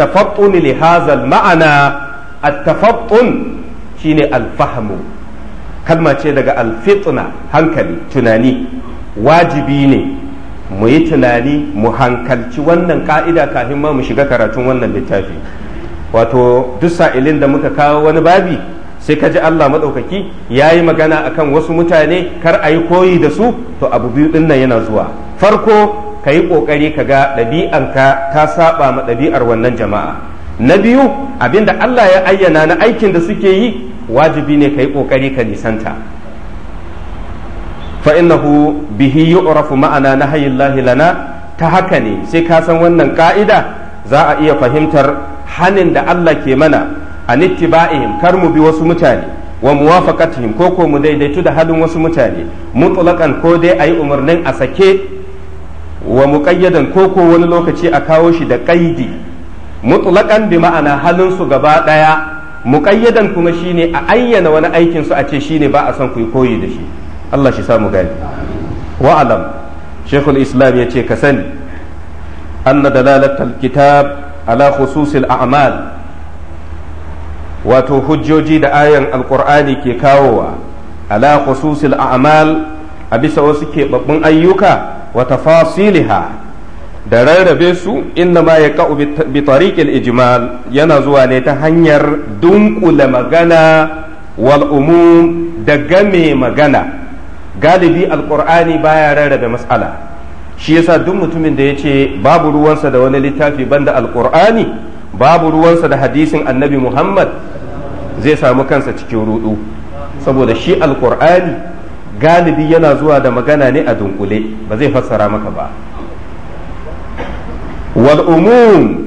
li hadha al-ma'ana at-tafattun shine al-fahmu kalma ce daga al-fitna hankali tunani wajibi ne mu yi tunani mu hankalci wannan ka'ida kafin ma mu shiga karatun wannan littafi wato duk sa'ilin da muka kawo wani babi sai ka ji Allah maɗaukaki ya yi magana a kan wasu mutane kar a yi koyi da su to abu biyu ɗin nan yana zuwa farko ka yi ƙoƙari ka ga ɗabi'anka ta saɓa ma ɗabi'ar wannan jama'a na biyu abinda Allah ya ayyana na aikin da suke yi wajibi ne ka yi ƙoƙari ka nisanta fa'innahu bihi yu'rafu ma'ana na lahi lana ta haka ne sai ka san wannan ka'ida za a iya fahimtar hanin da Allah ke mana an ittiba'ihim kar mu bi wasu mutane wa muwafaqatihim ko ko mu daidaitu da halin wasu mutane mutlaqan ko dai ayi umarnin a sake wa muqayyadan ko ko wani lokaci a kawo shi da qaidi mutlaqan bi ma'ana halin su gaba daya muqayyadan kuma shine a ayyana wani aikin su a ce shine ba a son ku koyi da shi Allah shi samu gani wa alam shaykhul islam yace ka sani anna dalalatul kitab ala khususil a'mal wato hujjoji da ayan alkur'ani ke kawowa ala khususil a'mal a bisa wasu keɓaɓɓun ayyuka wa tafasiliha da rarrabe su inna ma ya ka'u bi tariqil ijmal yana zuwa ne ta hanyar dunkula magana wal umum da game magana galibi alkur'ani baya rarrabe mas'ala shi yasa duk mutumin da ya ce babu ruwansa da wani littafi banda alkur'ani babu ruwansa da hadisin annabi muhammad zai samu kansa cikin rudu saboda shi alkur'ani galibi yana zuwa da magana ne a dunkule ba zai fassara maka ba wal umum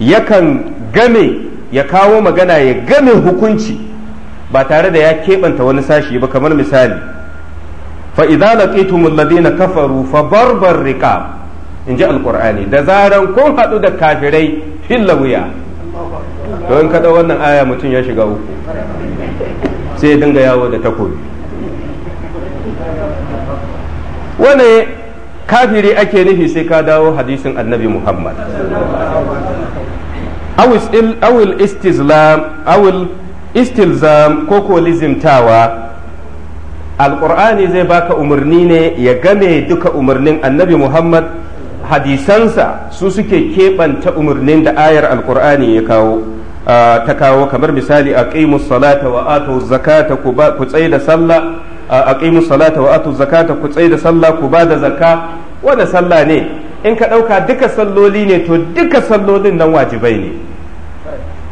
yakan game ya kawo magana ya game hukunci ba tare da ya keɓanta wani sashi ba kamar misali fa idza laqitumul ladina kafaru fa barbar riqab in ji alkur'ani da zaran kun haɗu da kafirai filla wuya to in kaɗa wannan aya mutum ya shiga uku sai ya dinga yawo da takobi wane kafiri ake nufi sai ka dawo hadisin annabi muhammad awil istizlam awil istilzam ko ko lizimtawa alƙur'ani zai baka umarni ne ya game duka umarnin annabi muhammad hadisansa su suke keɓanta umarnin da ayar alkur'ani ya kawo ah, ta kawo kamar misali a salata wa ato zakata ku tsaye da sallah a ah, salata wa ato zakata ku tsaye da sallah ku ba da zakka wanda sallah ne in ka ɗauka duka salloli ne to duka sallolin nan wajibai ne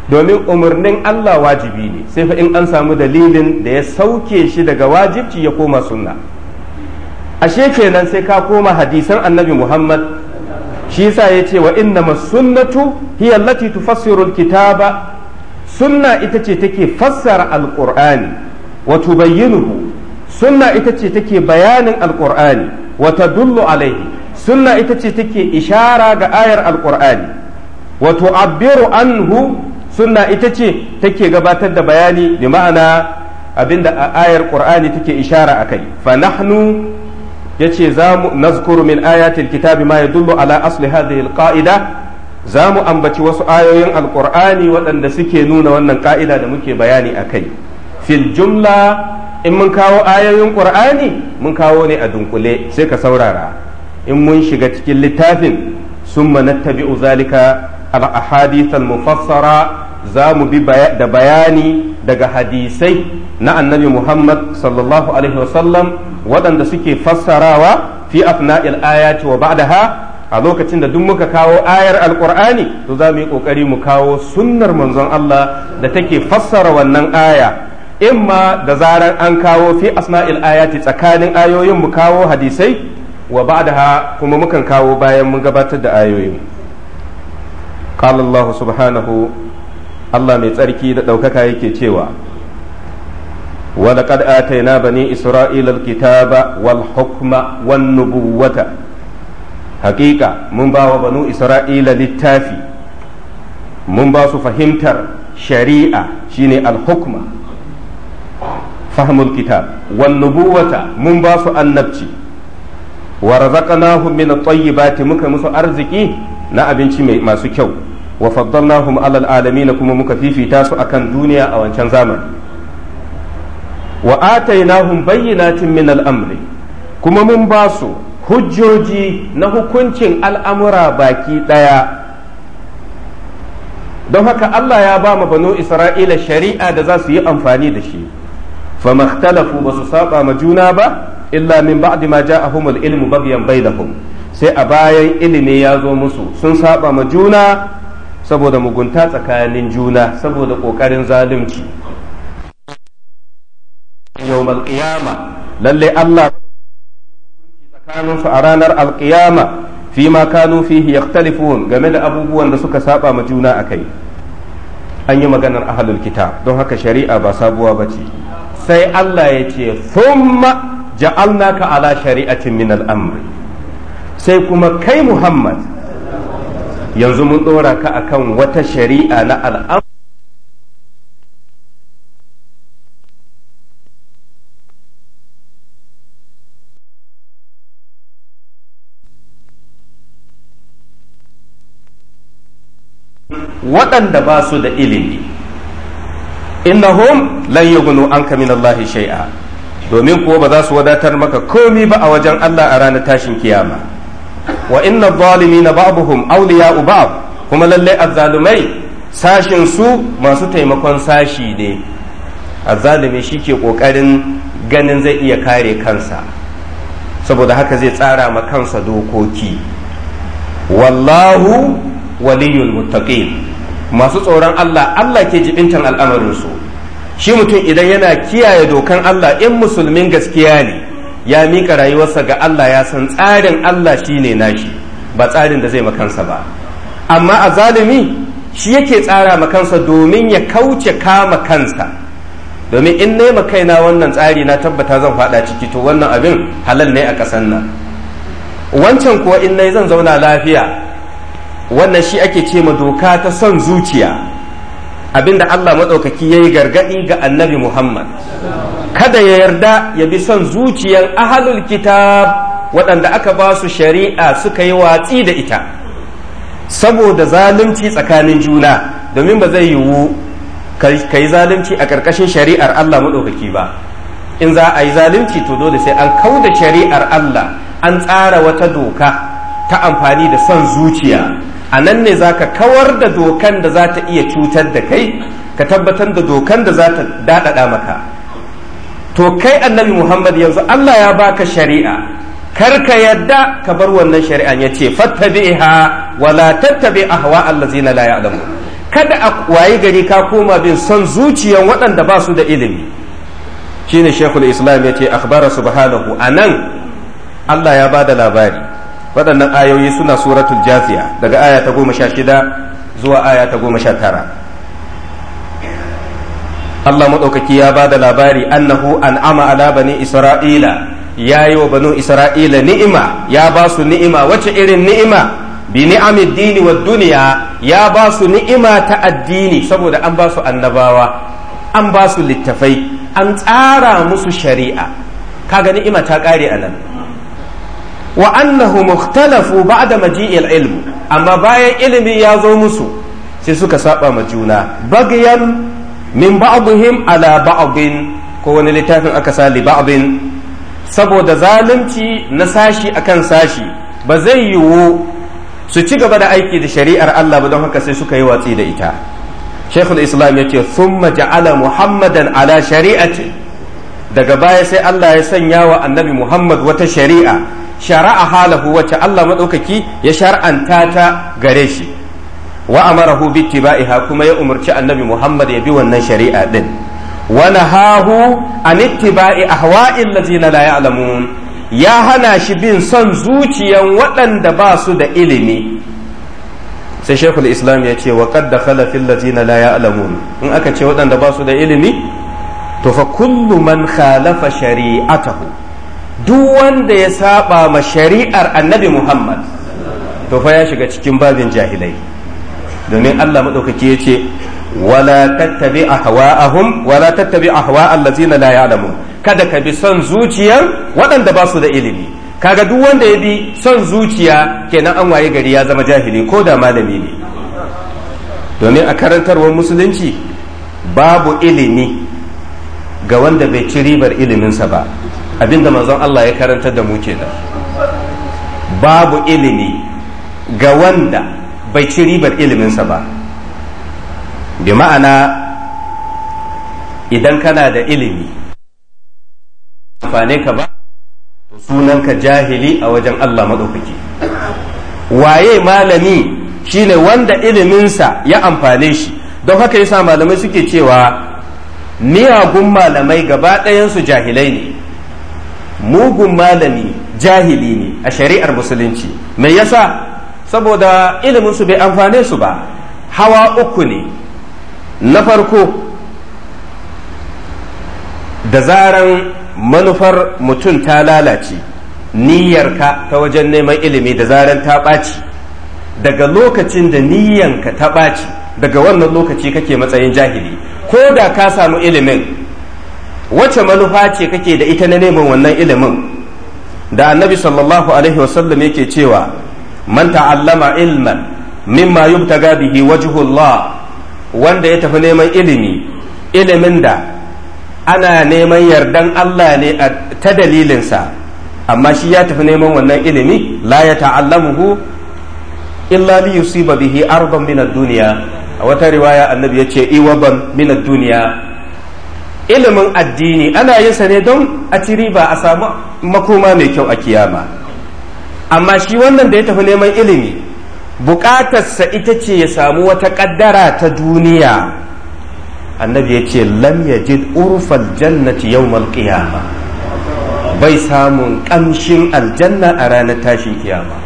domin umarnin Allah wajibi ne sai fa in an samu dalilin da ya sauke shi daga wajibci ya koma sunna ashe kenan sai ka koma hadisan annabi Muhammad shi yasa ya ce wa inna sunnatu hiya allati tufassiru alkitaba sunna ita ce take fassara alqur'ani wa tubayyinuhu sunna ita ce take bayanin alqur'ani wa tadullu alaihi sunna ita ce take ishara ga ayar alqur'ani wa tu'abbiru anhu sunna ita ce take gabatar da bayani bi ma'ana abinda ayar qur'ani take ishara akai fa nahnu yace za mu nazkuru min ayatil kitabi ma yadullu ala asli hadhihi alqaida za mu ambaci wasu ayoyin alqur'ani waɗanda suke nuna wannan ka'ida da muke bayani akai fil jumla in mun kawo ayoyin qur'ani mun kawo ne a dunkule sai ka saurara in mun shiga cikin littafin summa nattabi'u zalika al ahadith al mufassara za mu bi da bayani daga hadisai na annabi Muhammad sallallahu alaihi wasallam waɗanda suke fassarawa fi afna'il ayati wa ba'daha a lokacin da duk muka kawo ayar alkur'ani to za mu yi ƙoƙari mu kawo sunnar manzon Allah da take fassara wannan aya imma da zarar an kawo fi asma'il ayati tsakanin ayoyin mu kawo hadisai wa ba'daha kuma mukan kawo bayan mun gabatar da ayoyin qala Allah subhanahu Allah mai tsarki da ɗaukaka yake cewa ولقد آتينا بني إسرائيل الكتاب والحكم والنبوة حقيقة من باو بنو إسرائيل للتافي من باو فهمتر شريعة شيني الحكمة فهم الكتاب والنبوة من باو النبتي ورزقناهم من الطيبات مكة مسو أرزقي na abinci masu kyau wa faddalnahum alal alamin kuma muka fifita su akan duniya a wancan zamani wa atainahum bayyinatin min al'amri kuma mun ba su hujjoji na hukuncin al'amura baki ɗaya don haka Allah ya ba ma banu Isra'ila shari'a da za su yi amfani da shi famakhtalafu ba su saba ma juna ba illa min ba'di ma ja'ahumul ilmu bagyan bainahum sai a bayan ilimi ya zo musu sun saba ma juna saboda mugunta tsakanin juna saboda kokarin zalunci yawmal qiyama lalle Allah tsakanin su a ranar alqiyama fi ma kanu fihi yakhtalifun game da abubuwan da suka saɓa ma juna akai an yi maganar ahlul kita don haka shari'a ba sabuwa ba ce. sai Allah ya ce thumma ja'alnaka ala shari'atin min al sai kuma kai Muhammad yanzu mun ɗora ka akan wata shari'a na al'amur waɗanda ba su da ilimi innahum lan yughnu anka min Allah shay'a domin kuwa ba za su wadatar maka komi ba a wajen Allah a ranar tashin kiyama wa inna na ba'dhum awliya'u ba'd kuma lalle azzalumai sashin su masu taimakon sashi ne azzalumi ke kokarin ganin zai iya kare kansa saboda haka zai tsara ma kansa dokoki wallahu waliyul muttaqin masu tsoron Allah Allah ke jibintan al'amarinsu shi mutum idan yana kiyaye dokan Allah in musulmin gaskiya ne ya mika rayuwarsa ga Allah ya san tsarin Allah shi shine nashi ba tsarin da zai makansa ba amma a zalimi shi yake tsara makansa domin ya kauce kama kansa domin in nema kaina wannan tsari na tabbata zan fada ciki to wannan abin halal ne a ƙasan nan wancan kuwa in nai zan zauna lafiya wannan shi ake ce ma doka ta son zuciya abinda Allah maɗaukaki ya yi gargaɗi ga annabi Muhammad kada ya yarda ya bi son zuciyar ahalul kitab waɗanda aka ba su shari'a suka yi watsi da ita saboda zalunci tsakanin juna domin ba zai yiwu ka yi zalunci a ƙarƙashin shari'ar Allah maɗaukaki ba in za a yi zalunci to dole sai an kau da shari'ar Allah an tsara wata doka ta amfani da son zuciya a nan ne za ka kawar da dokan da za ta iya cutar da kai ka tabbatar da dokan da za ta daɗaɗa maka to kai annabi muhammad yanzu allah ya baka shari'a kar ka yadda ka bar wannan shari'an ya ce fattabi'iha wa la tattabi ahwa allazina la ya'lamu kada a wayi gari ka koma bin son zuciyan waɗanda ba su da ilimi shine shekul islam ya ce akhbara subhanahu anan allah ya ba da labari waɗannan ayoyi suna suratul jafiya daga aya ta goma sha shida zuwa aya ta goma sha tara Allah maɗaukaki ya ba da labari annahu an'ama ala bani isra'ila ya yi wa banu isra'ila ni'ima ya ba su ni'ima wace irin ni'ima bi ni'am dini wa duniya ya ba su ni'ima ta addini saboda an ba su annabawa an ba su littafai an tsara musu shari'a kaga ni'ima ta ƙare a nan wa annahu mukhtalafu ba'da maji'il ilm amma bayan ilimi ya zo musu sai suka saba ma juna bagyan min ba'dihim ala ba'din ko wani littafin aka sa li ba'din saboda zalunci na sashi akan sashi ba zai yiwu su ci gaba da aiki da shari'ar Allah ba don haka sai suka yi watsi da ita Sheikhul Islam yace thumma ja'ala Muhammadan ala shari'ati daga baya sai Allah ya sanya wa Annabi Muhammad wata shari'a shara'a halahu wacce Allah maɗaukaki ya shar'anta ta gare shi wa amarahu bittiba'iha kuma ya umarci annabi Muhammad ya bi wannan shari'a din wa nahahu an ittiba'i ahwa'il ladzina la ya'lamun ya hana shi bin son zuciyan waɗanda ba su da ilimi sai shekul islam ya ce wa qad dakhala fil ladzina la ya'lamun in aka ce waɗanda ba su da ilimi to fa kullu man khalafa shari'atahu duk wanda ya saba ma shari'ar annabi muhammad to fa ya shiga cikin babin jahilai domin allah maɗaukaki ya ce wala tattabi ahwa'ahum wala tattabi ahwa'al allazina la ya'lamun kada ka bi son zuciyar waɗanda ba su da ilimi kaga duk wanda ya bi son zuciya kenan an waye gari ya zama jahili ko da malami ne domin a karantarwar musulunci babu ilimi ga wanda bai ci ribar iliminsa ba abinda manzon Allah ya karanta da mu kenan babu ilimi ga wanda bai ci ribar iliminsa ba bi ma'ana idan kana da ilimi amfane ka ba sunanka jahili a wajen Allah maɗaukaki waye malami shine wanda iliminsa ya amfane shi don haka yasa malamai suke cewa miyagun malamai gaba ɗayansu jahilai ne mugun malami jahili ne a shari'ar musulunci me yasa saboda iliminsu bai amfane su ba hawa uku ne na farko da zaran manufar mutum ta lalace niyyarka ta wajen neman ilimi da zaran ta ɓaci daga lokacin da niyyanka ta ɓaci daga wannan lokaci kake matsayin jahili ko da ka samu ilimin wace manufa ce kake da ita na neman wannan ilimin da annabi sallallahu alaihi wasallam yake cewa man ta'allama ilman mimma yubtaga bihi wajhullah wanda ya tafi neman ilimi ilimin da ana neman yardan Allah ne a ta dalilinsa amma shi ya tafi neman wannan ilimi la ya ta'allamuhu illa li yusiba bihi arban min ad-dunya a wata riwaya annabi yace iwaban min ad-dunya ilimin addini ana yin sa ne don a ci riba a samu makoma mai kyau a kiyama amma shi wannan da ya tafi neman ilimi bukatarsa ita ce ya samu wata kaddara ta duniya annabi ya ce lam yajid urfal jannati yawmal qiyama bai samun kamshin aljanna a ranar tashin kiyama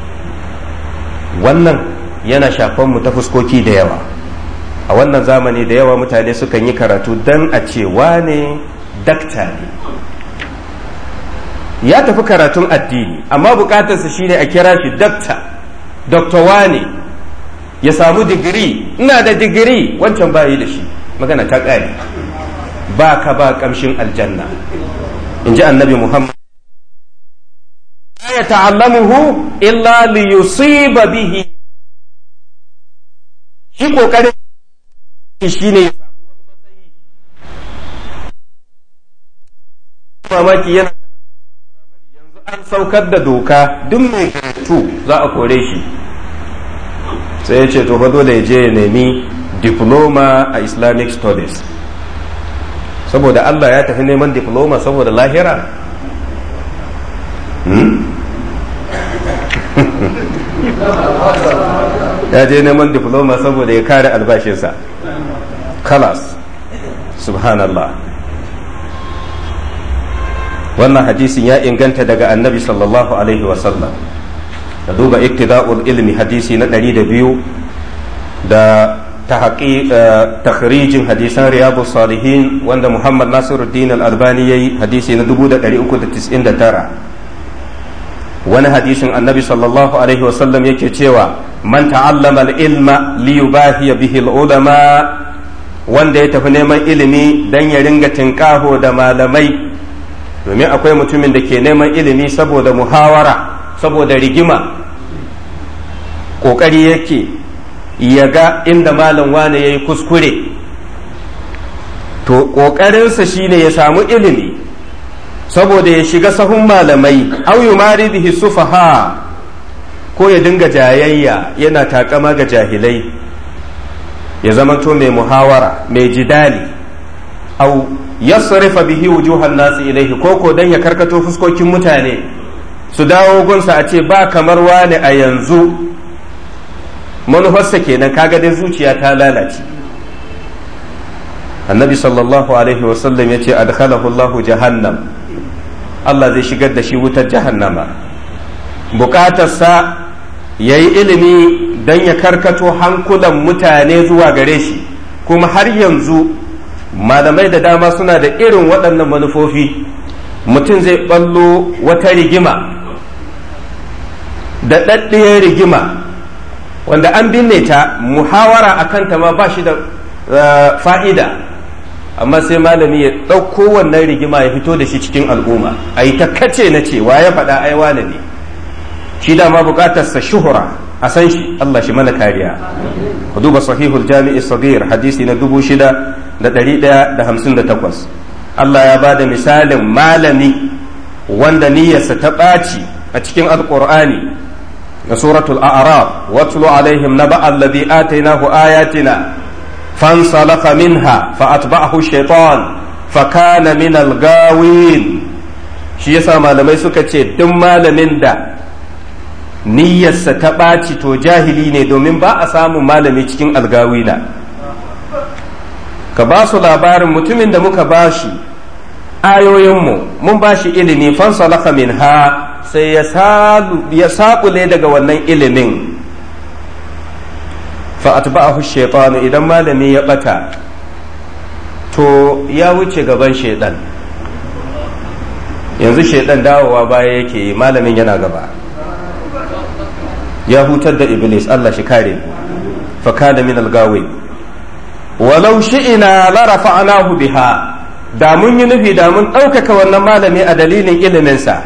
wannan yana shafan mu ta fuskoki da yawa a wannan zamani da yawa mutane sukan yi karatu don a ce wane dakta ne ya tafi karatun addini amma bukatarsa shine a kira shi dakta dokta wane ya samu digiri ina da digiri wancan bayi da shi magana ta ƙari ba ka ba ƙamshin aljanna in ji annabi muhammad ya ta'allamuhu illa li yusiba bihi shi kokarin shi ne mamaki yana yanzu an saukar da doka duk mai karatu za a kore shi sai ya ce to fa da ya je ya nemi diploma a islamic studies saboda allah ya tafi neman diploma saboda lahira hmm? ya je neman diploma saboda ya kare albashinsa kalas subhanallah wannan hadisin ya inganta daga annabi sallallahu alaihi wasallam da duba iktida'ul ilmi hadisi na 202 da eh, takhrijin hadisan riyabu salihin wanda muhammad nasiruddin al-albani yayi hadisi na 1399 wani hadisin annabi sallallahu alaihi wasallam yake cewa man ta'allama al-ilma li yubahiya bihi al-ulama wanda ya tafi neman ilimi don ya ringa tinkaho da malamai domin akwai mutumin da ke neman ilimi saboda muhawara saboda rigima ƙoƙari yake ya ga inda malam wane ya yi kuskure to ƙoƙarinsa shine ya samu ilimi saboda ya shiga sahun malamai au mari bihi sufaha ko ya dinga jayayya yana takama ga jahilai ya zamanto mai muhawara mai jidali au Ya sarrafa bihi wujuhan nasu ilaihi ko ko dan ya karkato fuskokin mutane su dawo gunsa a ce ba kamar wani a yanzu manufarsa kenan kaga dai zuciya ta lalace annabi sallallahu alaihi wasallam ya ce adkhalahu Allahu jahannam Allah zai shigar da shi wutar jahannama bukatarsa ya yi ilimi don ya karkato hankulan mutane zuwa gare shi kuma har yanzu malamai da dama suna da irin waɗannan manufofi mutum zai ɓallo wata rigima da ɗaɗɗiyar rigima wanda an binne ta muhawara a kanta ma ba shi da eh, fa'ida amma sai malami ya ɗauko wannan rigima ya fito da shi cikin al'umma a yi ta kace na cewa ya faɗa aiwa ne shi dama sa shuhura a san shi Allah shi mana kariya ku duba sahihul jami'i sagir hadisi na dubu shida da ɗari ɗaya da hamsin da takwas Allah ya ba da misalin malami wanda niyyarsa ta ɓaci a cikin alƙur'ani da suratul a'raf watlu alaihim naba alladhi atainahu ayatina fansalakha minha fa atba'ahu shaytan fa kana min gawin shi yasa malamai suka ce duk malamin da niyyarsa ta ɓaci to jahili ne domin ba a samun malami cikin algawina ka ba su labarin mutumin da muka ba shi ayoyinmu mun ba shi ilimi fansalaka min ha sai ya saƙule daga wannan ilimin fa'atba'ahu shaitanu idan malami ya ɓata to ya wuce gaban shaidan yanzu shaidan dawowa baya yake malamin yana gaba ya hutar da iblis Allah shi kare fa kana min algawi walau shi'ina la rafa'nahu biha da mun yi nufi da mun ɗaukaka wannan malami a dalilin iliminsa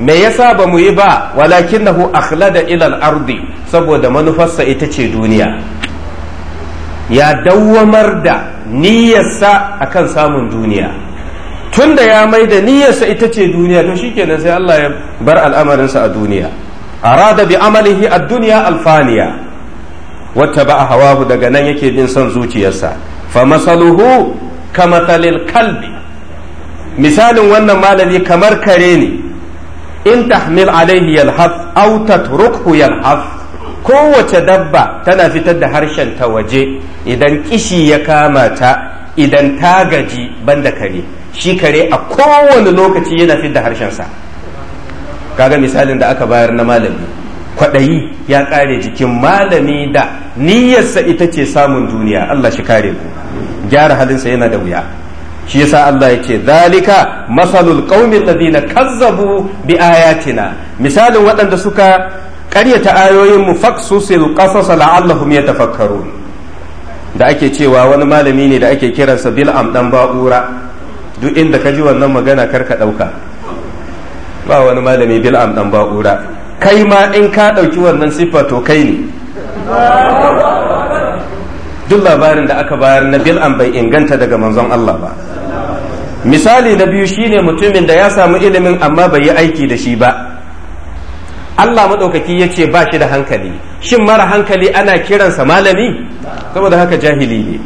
me yasa ba mu yi ba walakinahu akhlada ila al-ardi saboda manufarsa ita ce duniya ya dawwamar da niyyarsa akan samun duniya tunda ya mai da niyyarsa ita ce duniya to shikenan sai Allah ya bar al'amarinsa a duniya arada bi amalihi a duniya alfaniya wata ba a hawahu daga nan yake bin son zuciyarsa fa masaluhu kamathalil kalbi misalin wannan malami kamar kare ne in tahmil alaihi yalhaf aw tatrukhu yalhaf kowace dabba tana fitar da harshen ta waje idan kishi ya kama ta idan ta gaji banda kare shi kare a kowane lokaci yana fitar da harshensa kaga misalin da aka bayar na malami kwaɗayi ya ƙare jikin malami da niyyarsa ita ce samun duniya Allah shi kare ku gyara halinsa yana da wuya shi yasa Allah ya ce zalika masalul qaumin ladina kazzabu bi ayatina misalin waɗanda suka ƙaryata ayoyin mu faqsusil qasas la'allahum yatafakkarun da ake cewa wani malami ne da ake kiransa bil'am dan ba'ura duk inda ka ji wannan magana karka ɗauka ba wani malami bil'am dan ba'ura kai ma in ka ɗauki wannan siffa to kai ne duk labarin da aka bayar na bil'am bai inganta daga manzon Allah ba misali na biyu shine mutumin da ya samu ilimin amma bai yi aiki da shi ba Allah maɗaukaki ya ce ba shi da hankali shin mara hankali ana kiransa malami saboda haka jahili ne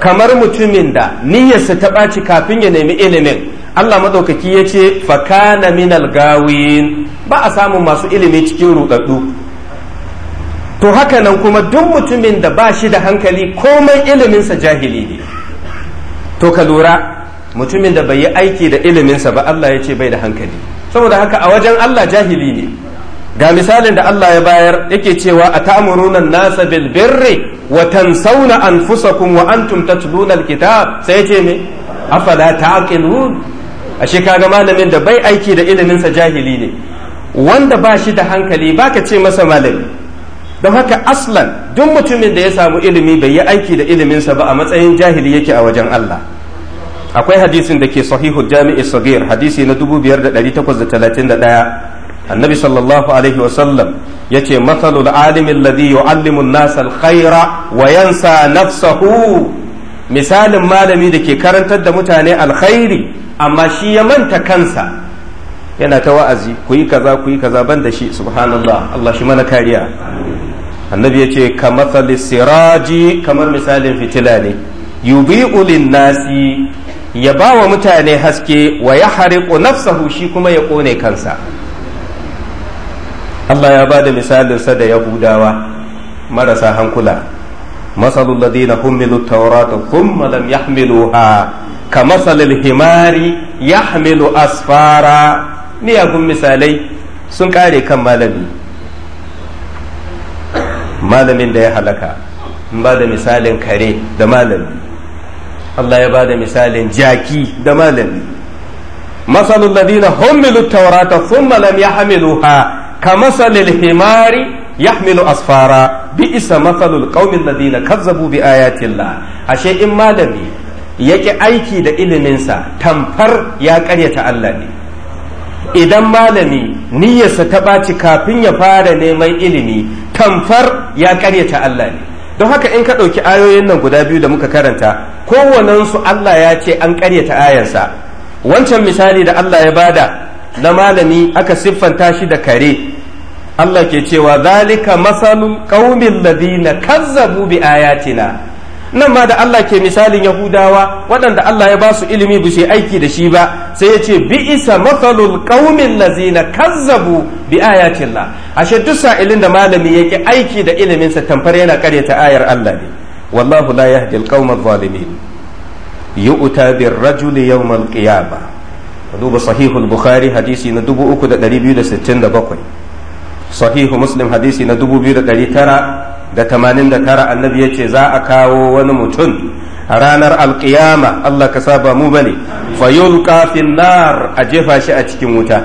kamar mutumin da niyyarsa ta ɓaci kafin ya nemi ilimin Allah maɗaukaki ya ce fakana minal gawin ba a samun masu ilimi cikin rudaddu to haka nan kuma duk mutumin da ba shi da hankali komai iliminsa jahili ne to ka lura mutumin da bai yi aiki da iliminsa ba Allah ya ce bai da hankali saboda haka a wajen Allah jahili ne ga misalin da Allah ya bayar yake cewa a ta'amuruna nasa bil birri wa tansawna anfusakum wa antum tatluna alkitab sai ce me afala ta'qilun ashe kaga malamin da bai aiki da iliminsa jahili ne wanda ba shi da hankali ba ka ce masa malami don haka aslan duk mutumin da ya samu ilimi bai yi aiki da iliminsa ba a matsayin jahili yake a wajen Allah akwai hadisin da ke sahihu jami'i sagir hadisi na 5831 annabi sallallahu alaihi wasallam ya ce matsalul alimin ladhi yu'allimu an-nasa al-khaira wa yansa nafsahu misalin malami da ke karantar da mutane alkhairi amma shi ya manta kansa yana ta wa'azi ku yi kaza ku yi kaza ban da shi subhanallah Allah shi mana kariya annabi ya ce siraji kamar misalin fitila ne yubi'u nasi ya ba wa mutane haske wa ya hariƙo nafsahu shi kuma ya ƙone kansa Allah ya ba da misalinsa da yahudawa marasa hankula مثل الذين حملوا التوراة ثم لم يحملوها كمثل الحمار يحمل أسفارا kan malami malamin ya ba da misalin jaki da malami masalul ladina ka masalil himari yahmilu asfara isa mafalul qaumil ladina kazzabu bi tilla ashe in malami ƙi aiki da iliminsa tamfar ya karyata Allah ne idan malami niyyarsa ta ɓaci kafin ya fara neman ilimi tamfar ya karyata Allah ne don haka in ka ɗauki ayoyin nan guda biyu da muka karanta kowanensu Allah ya ce an karyata ayansa wancan misali da Allah ya bada na malami aka siffanta shi da kare Allah ke cewa zalika masalul qaumil ladina kazzabu bi ayatina nan ma da Allah ke misalin Yahudawa waɗanda Allah ya ba su ilimi bushe aiki da shi ba sai ya ce bi isa matsalul ƙaumin na kazzabu bi ayatillah ashe duk sa'ilin da malami yake aiki da iliminsa tamfar yana karyata ayar Allah ne wallahu la yahdi alqawmal zalimin yu'ta bir rajuli yawmal qiyamah duba sahihul bukhari hadisi na 3267 sahihu muslim hadisi na 2989 annabi ya ce za a kawo wani mutum ranar alkiyama Allah ka saba mu bane fayulqa kafin nar a jefa shi a cikin wuta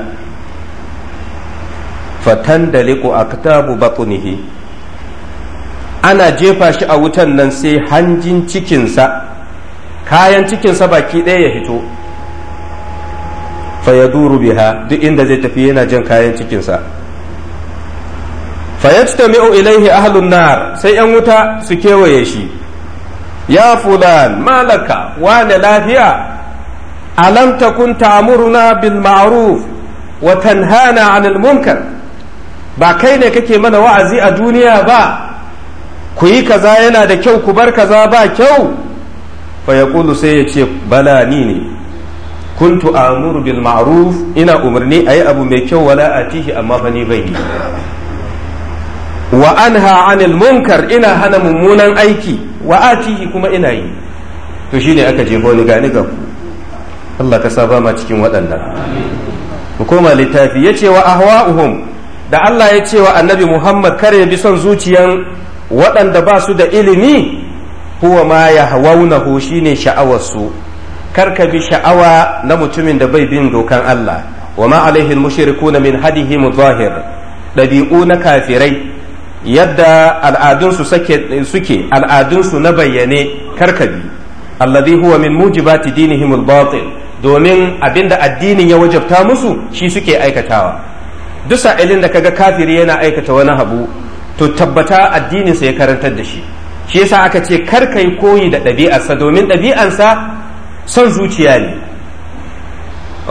fatan da liku a katabu batunihi ana jefa shi a wutan nan sai hanjin cikinsa kayan cikinsa baki ɗaya ya hito fayaduru biha duk inda zai tafi yana jan kayan cikinsa fayajtami'u ilaihi ahlun nar sai yan wuta su kewaye shi ya fulan malaka wane lafiya alam takun ta'muruna bil ma'ruf wa tanhana 'anil munkar ba kai ne kake mana wa'azi a duniya ba ku yi kaza yana da kyau ku bar kaza ba kyau fa yaqulu sai ya ce bala ni ne kuntu amuru bil ma'ruf ina umarni ayi abu mai kyau wala atihi amma fa ni bai wa anha anil munkar ina hana mummunan aiki wa atihi kuma ina yi to shine aka jefo ni gani ga ku Allah ka saba ma cikin waɗannan ku koma littafi yace wa ahwa'uhum da Allah ya ce wa annabi Muhammad kar ya bi son zuciyan waɗanda ba su da ilimi huwa ma yahwaunahu shine sha'awarsu kar ka bi sha'awa na mutumin da bai bin dokan Allah wa ma alaihi mushrikuna min hadihi zahir dabi'u na kafirai yadda al'adunsu suke al'adunsu na bayyane karkabi alladhi huwa min mujibati dinihim al-batil domin abinda addinin ya wajabta musu shi suke aikatawa duk sa'ilin da kaga kafiri yana aikata wani habu to tabbata addininsa ya karantar da shi shi yasa aka ce kar yi koyi da ɗabi'arsa domin ɗabi'arsa son zuciya ne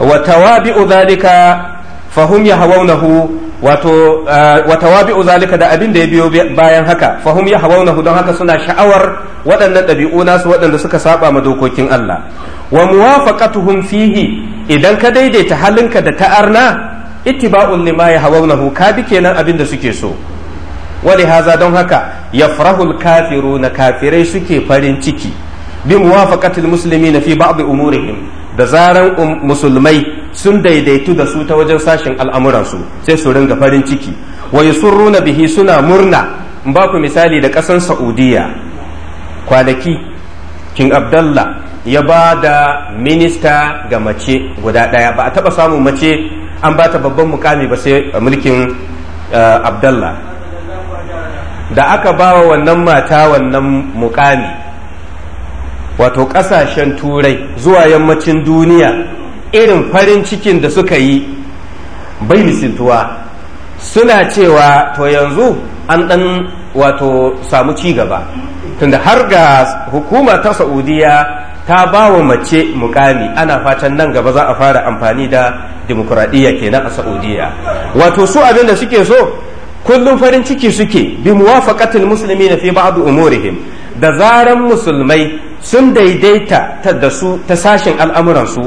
wa tawabi'u dhalika fahum yahawunahu wato ah, wata wabi'u zalika da abin da ya biyo bayan haka fahum ya hawaunahu don haka suna sha'awar waɗannan ɗabi'u nasu waɗanda suka saba ma dokokin Allah wa muwafaqatuhum fihi idan ka daidaita halinka da ta'arna ittiba'un lima ya hawaunahu ka bi kenan abin da suke so wani haza don haka yafrahul kafiru na kafirai suke farin ciki bi muwafaqatil muslimina fi ba'd umurihim da zaran um, musulmai sun daidaitu da su ta wajen sashen al'amuransu sai su ringa farin ciki wai sun runa bihi suna murna in ba ku misali da ƙasan Saudiyya kwanaki king abdallah ya ba da minista ga mace guda ɗaya ba a taɓa samun mace an ba ta babban mukami ba sai mulkin eh, abdallah da aka ba wa wannan mata wannan mukami wato ƙasashen turai zuwa yammacin duniya irin farin cikin da suka yi bai misintuwa suna cewa to yanzu an ɗan wato samu ci gaba tunda har ga hukuma ta saudiya ta ba wa mace mukami ana fatan nan gaba za a fara amfani da dimokuraɗiyya kenan a saudiya wato su abin da suke so kullum farin ciki suke bi musulmi na fi ba'd umurihim da zaran musulmai sun daidaita ta da su ta sashen al'amuransu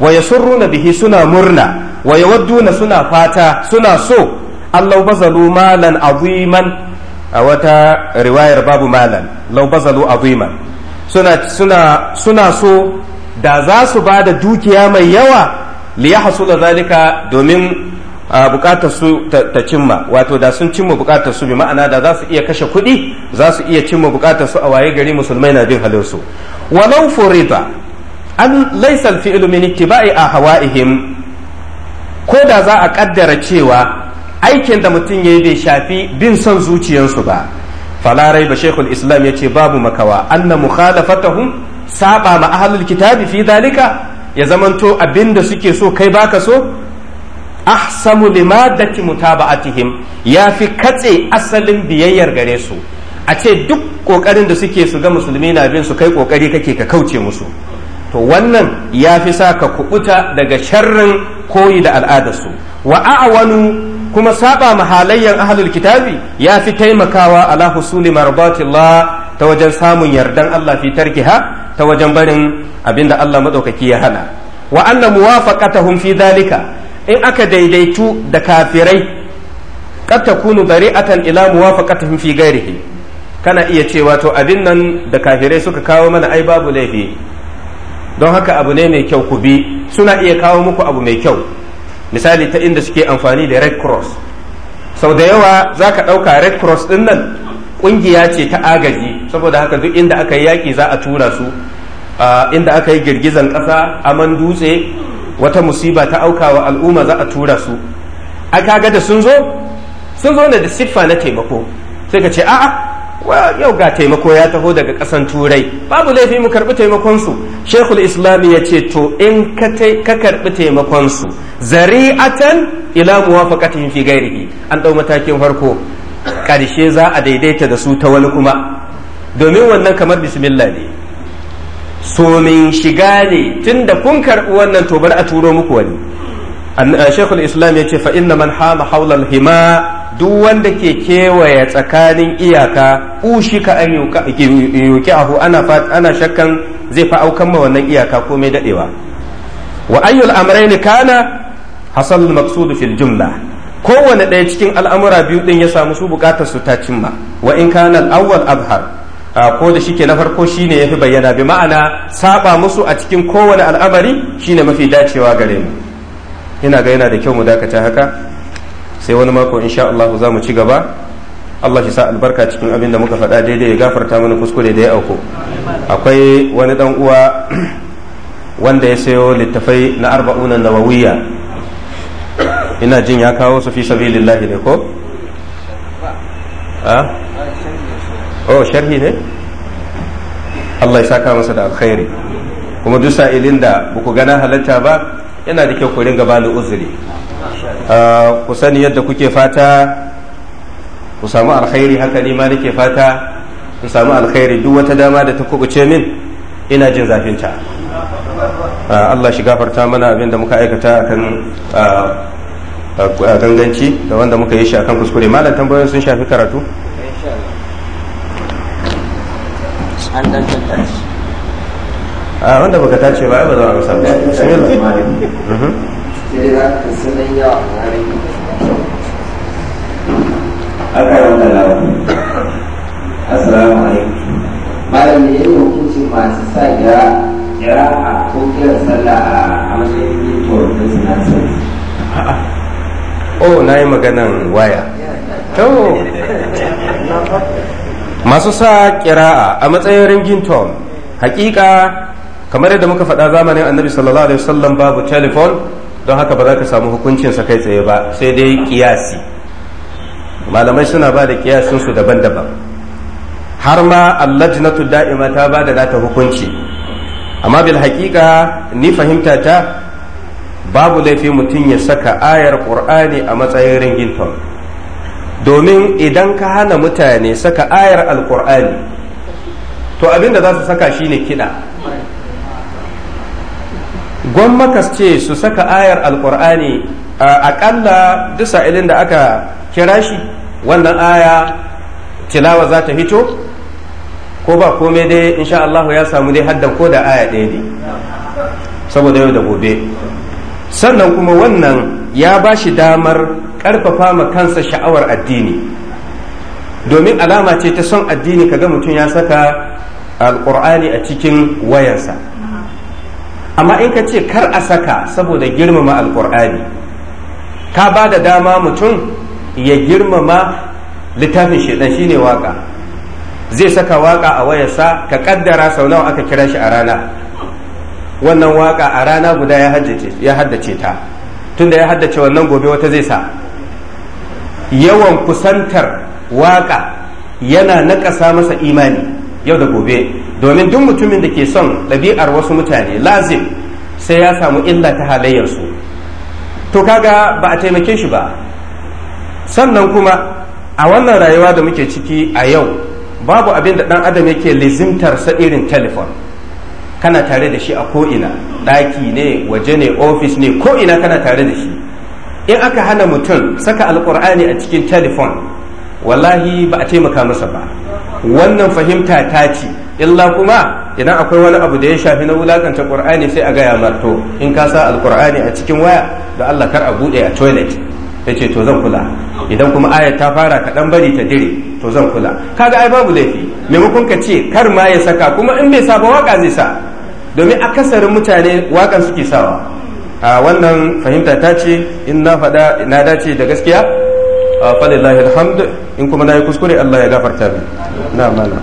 wa ya runa bihi suna murna wa ya wadduna suna fata suna so allau bazalu malan azuiman a wata riwayar babu malan lau bazalu aziman suna suna so da za su ba da dukiya mai yawa li da zalika domin a bukatar su ta cimma wato da sun cimma bukatar su bi ma'ana da za su iya kashe kuɗi za su iya cimma bukatar su a waye gari musulmai na bin halin su walau furida an laysa al min ittiba'i ahwa'ihim ko da za a kaddara cewa aikin da mutum yayi bai shafi bin son zuciyarsu ba Falarai ba shaykhul islam yace babu makawa anna mukhalafatuhum saba ma ahlul kitabi fi dalika ya zamanto abinda suke so kai baka so ahsamu limadati mutaba'atihim ya fi katse asalin biyayyar gare su a ce duk kokarin da suke su ga musulmi na bin su kai kokari kake ka kauce musu to wannan ya fi sa ka kubuta daga sharrin koyi da su wa a'wanu kuma saba mahalayyan ahlul kitabi ya fi taimakawa ala husuli marbatillah ta wajen samun yardan Allah fi tarkiha ta wajen barin abinda Allah madaukaki ya hana wa anna muwafaqatahum fi dhalika in aka daidaitu da kafirai qad takunu bari'atan ila muwafaqatihim fi ghairihi kana iya cewa to abin nan da kafirai suka kawo mana ai babu laifi don haka abu ne mai kyau ku bi suna iya kawo muku abu mai kyau misali ta inda suke amfani da red cross sau da yawa za ka ɗauka red cross ɗin nan ƙungiya ce ta agaji saboda haka duk inda aka yi yaƙi za a tura su inda aka yi girgizan ƙasa aman dutse wata musiba ta auka wa al'umma za a tura su a kaga da sun zo sun zo da siffa na taimako sai ka ce a'a yau ga taimako ya taho daga ƙasan turai babu laifi mu karɓi taimakonsu shekul islam ya ce to in ka karɓi su zari'atan ila muwafaqatihim fi ghairihi an ɗau matakin farko ƙarshe za a daidaita da su ta wani kuma domin wannan kamar bismillah ne somin shiga ne tun da kun karɓi wannan to bari a turo muku wani shekul islam ya ce na man hama haular hima duk wanda ke kewaye tsakanin iyaka ushi ka an yuki ahu ana shakkan zai fa aukan ma wannan iyaka komai daɗewa wa ayyul amrayn kana hasal maqsud fil jumla kowane ɗaya cikin al'amura biyu ɗin ya samu su bukatar su ta cimma wa in kana al'awwal abhar ko da shike na farko shine yafi bayyana bi ma'ana saba musu a cikin kowane al'amari shine mafi dacewa gare mu ina ga yana da kyau mu dakata haka sai wani mako insha Allah za mu ci gaba Allah shi sa albarka cikin abin da muka faɗa daidai ya gafarta mana kuskure da ya auko akwai wani dan uwa wanda ya sayo littafai na arba'unan nawawiya ina jin ya kawo su fi sabilillahi ne ko ah? oh sharhi ne Allah ya saka masa da alkhairi kuma duk sa'ilin da ba ku gana halarta ba yana da kyau ku ringa bani uzuri ah, ku sani yadda kuke fata ku samu alkhairi haka ni ma nake fata ku samu alkhairi duk wata dama da ta kubuce min ina jin zafin zafinta ah, Allah shi gafarta mana abin da muka aikata akan ah, ganganci da wanda muka yi shi akan kuskure malam tambayoyin sun shafi karatu an dan tantance a wanda baka tace ba ai ba a amsa ba bismillah mhm. sai da ka sanan yawa hari aka wanda lawa. assalamu alaikum malam ne yau hukunci masu sa gira gira a ko sallah a matsayin yin da suna sai oh na yi maganan waya a masu sa kira'a a matsayin tom hakika kamar yadda muka faɗa zamanin annabi sallallahu alaihi wasallam babu telefon don haka ba za ka samu hukuncin sa kai tsaye ba sai dai kiyasi malamai suna ba da su daban-daban har ma allajnatu da'ima ta ba da nata hukunci amma bil haƙiƙa ni fahimta ta babu laifi mutum ya saka ayar qur'ani a matsayin tom domin idan ka hana mutane saka ayar alkur'ani to abinda za su saka shine kiɗa gwammakas ce su saka ayar alkur'ani aƙalla dusa ilin da aka kira shi wannan aya tilawa za ta hito ko ba komai dai insha Allah ya samu dai haddan ko da aya ɗaya ne saboda yau da gobe sannan kuma wannan ya ba shi damar ƙarfafa ma kansa sha'awar addini domin alama ce ta son addini kaga mutum ya saka alƙur'ani a cikin wayansa amma in ka ce kar a saka saboda girmama alƙur'ani ka ba da dama mutum ya girmama littafin shaidan shine waka zai saka waƙa a wayarsa ka ƙaddara sau nawa aka kira shi a rana wannan waka a rana guda ya haddace ta tunda ya haddace wannan gobe wata zai sa yawan kusantar waka yana naƙasa masa imani yau da gobe domin duk mutumin da ke son ɗabi'ar wasu mutane lazim sai ya samu illa ta halayyarsu to kaga ba a taimake shi ba sannan kuma a wannan rayuwa da muke ciki a yau babu abin da ɗan adam yake lizimtar sa irin telefon kana tare da shi a ko'ina ɗaki ne waje ne ofis ne ko'ina kana tare da shi in aka hana mutum saka alkur'ani a cikin telefon wallahi ba a taimaka masa ba wannan fahimta ta ce illa kuma idan akwai wani abu da ya shafi na wulakanta qur'ani sai a gaya marto in ka sa alkur'ani a cikin waya da allah kar a bude a toilet ya ce to zan kula idan kuma ayat ta fara kaɗan bari ta dire to zan kula kaga ai babu laifi maimakon ka ce kar ma ya saka kuma in bai sa ba waka zai sa domin akasarin mutane wakan suke sawa a wannan fahimta ta ce in na faɗa na dace da gaskiya a falillahi alhamd in kuma na yi kuskure Allah ya gafarta min na mana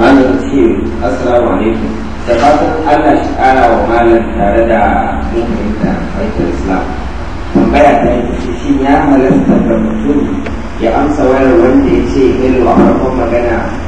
malam ce assalamu alaikum da fatan Allah shi ƙara wa malam tare da mun fahimta fahimtar islam tambaya ta yi shi ya halasta da mutum ya amsa wani wanda ya ce ilwa farkon magana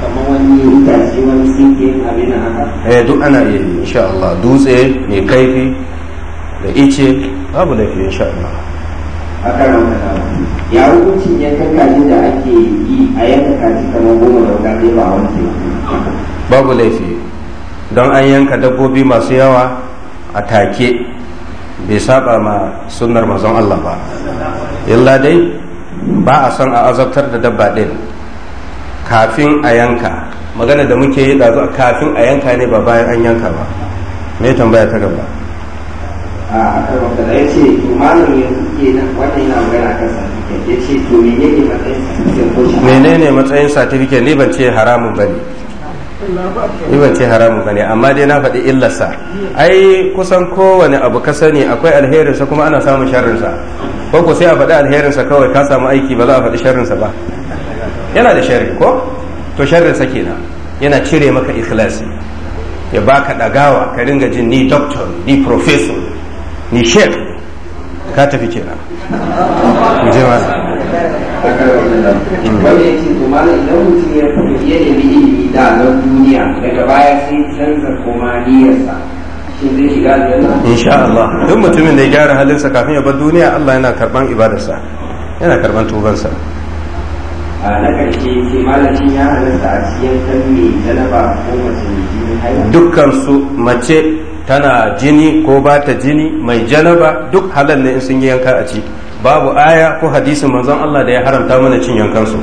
kamar wani haka eh duk ana iya yi insha Allah dutse mai kaifi da ice babu laifi insha Allah a karan ya hukuncin yankan kankaji da ake yi a yanka kaji kamar goma da wuka ba a wanke babu laifi don an yanka dabbobi masu yawa a take bai saba ma sunnar mazan Allah ba illa dai ba a son a azabtar da dabba ɗin kafin a yanka magana da muke yi ɗazu kafin a yanka ne ba bayan an yanka ba me tambaya ta gaba a karwata da ya ce to malam ya suke nan wannan yana magana kan certificate ya ce to menene matsayin certificate menene matsayin satifiket ni ban ce haramun ba ne ni ban ce haramun ba ne amma dai na faɗi illarsa ai kusan kowane abu ka sani akwai alherinsa kuma ana samun sharrinsa ko ku sai a faɗi alherinsa kawai ka samu aiki ba za a faɗi sharrinsa ba yana da sharri ko to sharrin sake kenan yana cire maka ikhlasi ya baka dagawa ka ringa jin ni doctor ni professor ni sheikh ka tafi kenan in je ma wanda ya ce mutum ya ya nemi duniya daga baya canza Allah duk mutumin da ya gyara halinsa kafin ya bar duniya Allah yana karban ibadarsa yana karban tubansa na ƙarshe sai malacin ya halatta a mai janaba ko mace mai jini dukkan su mace tana jini ko ba ta jini mai janaba duk halal ne in sun yi yanka a ci babu aya ko hadisin manzon Allah da ya haramta mana cin yankan su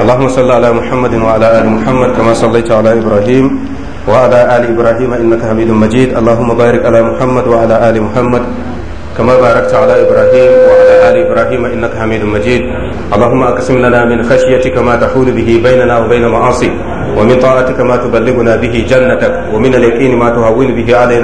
Allahumma salli ala Muhammadin wa ala ali Muhammad kama sallaita ala Ibrahim ali Ibrahim innaka Hamidum Majid Allahumma barik ala Muhammad wa ala ali Muhammad كما باركت على إبراهيم وعلى آل إبراهيم إنك حميد مجيد اللهم أقسم لنا من خشيتك ما تحول به بيننا وبين معاصيك ومن طاعتك ما تبلغنا به جنتك ومن اليقين ما تهون به علينا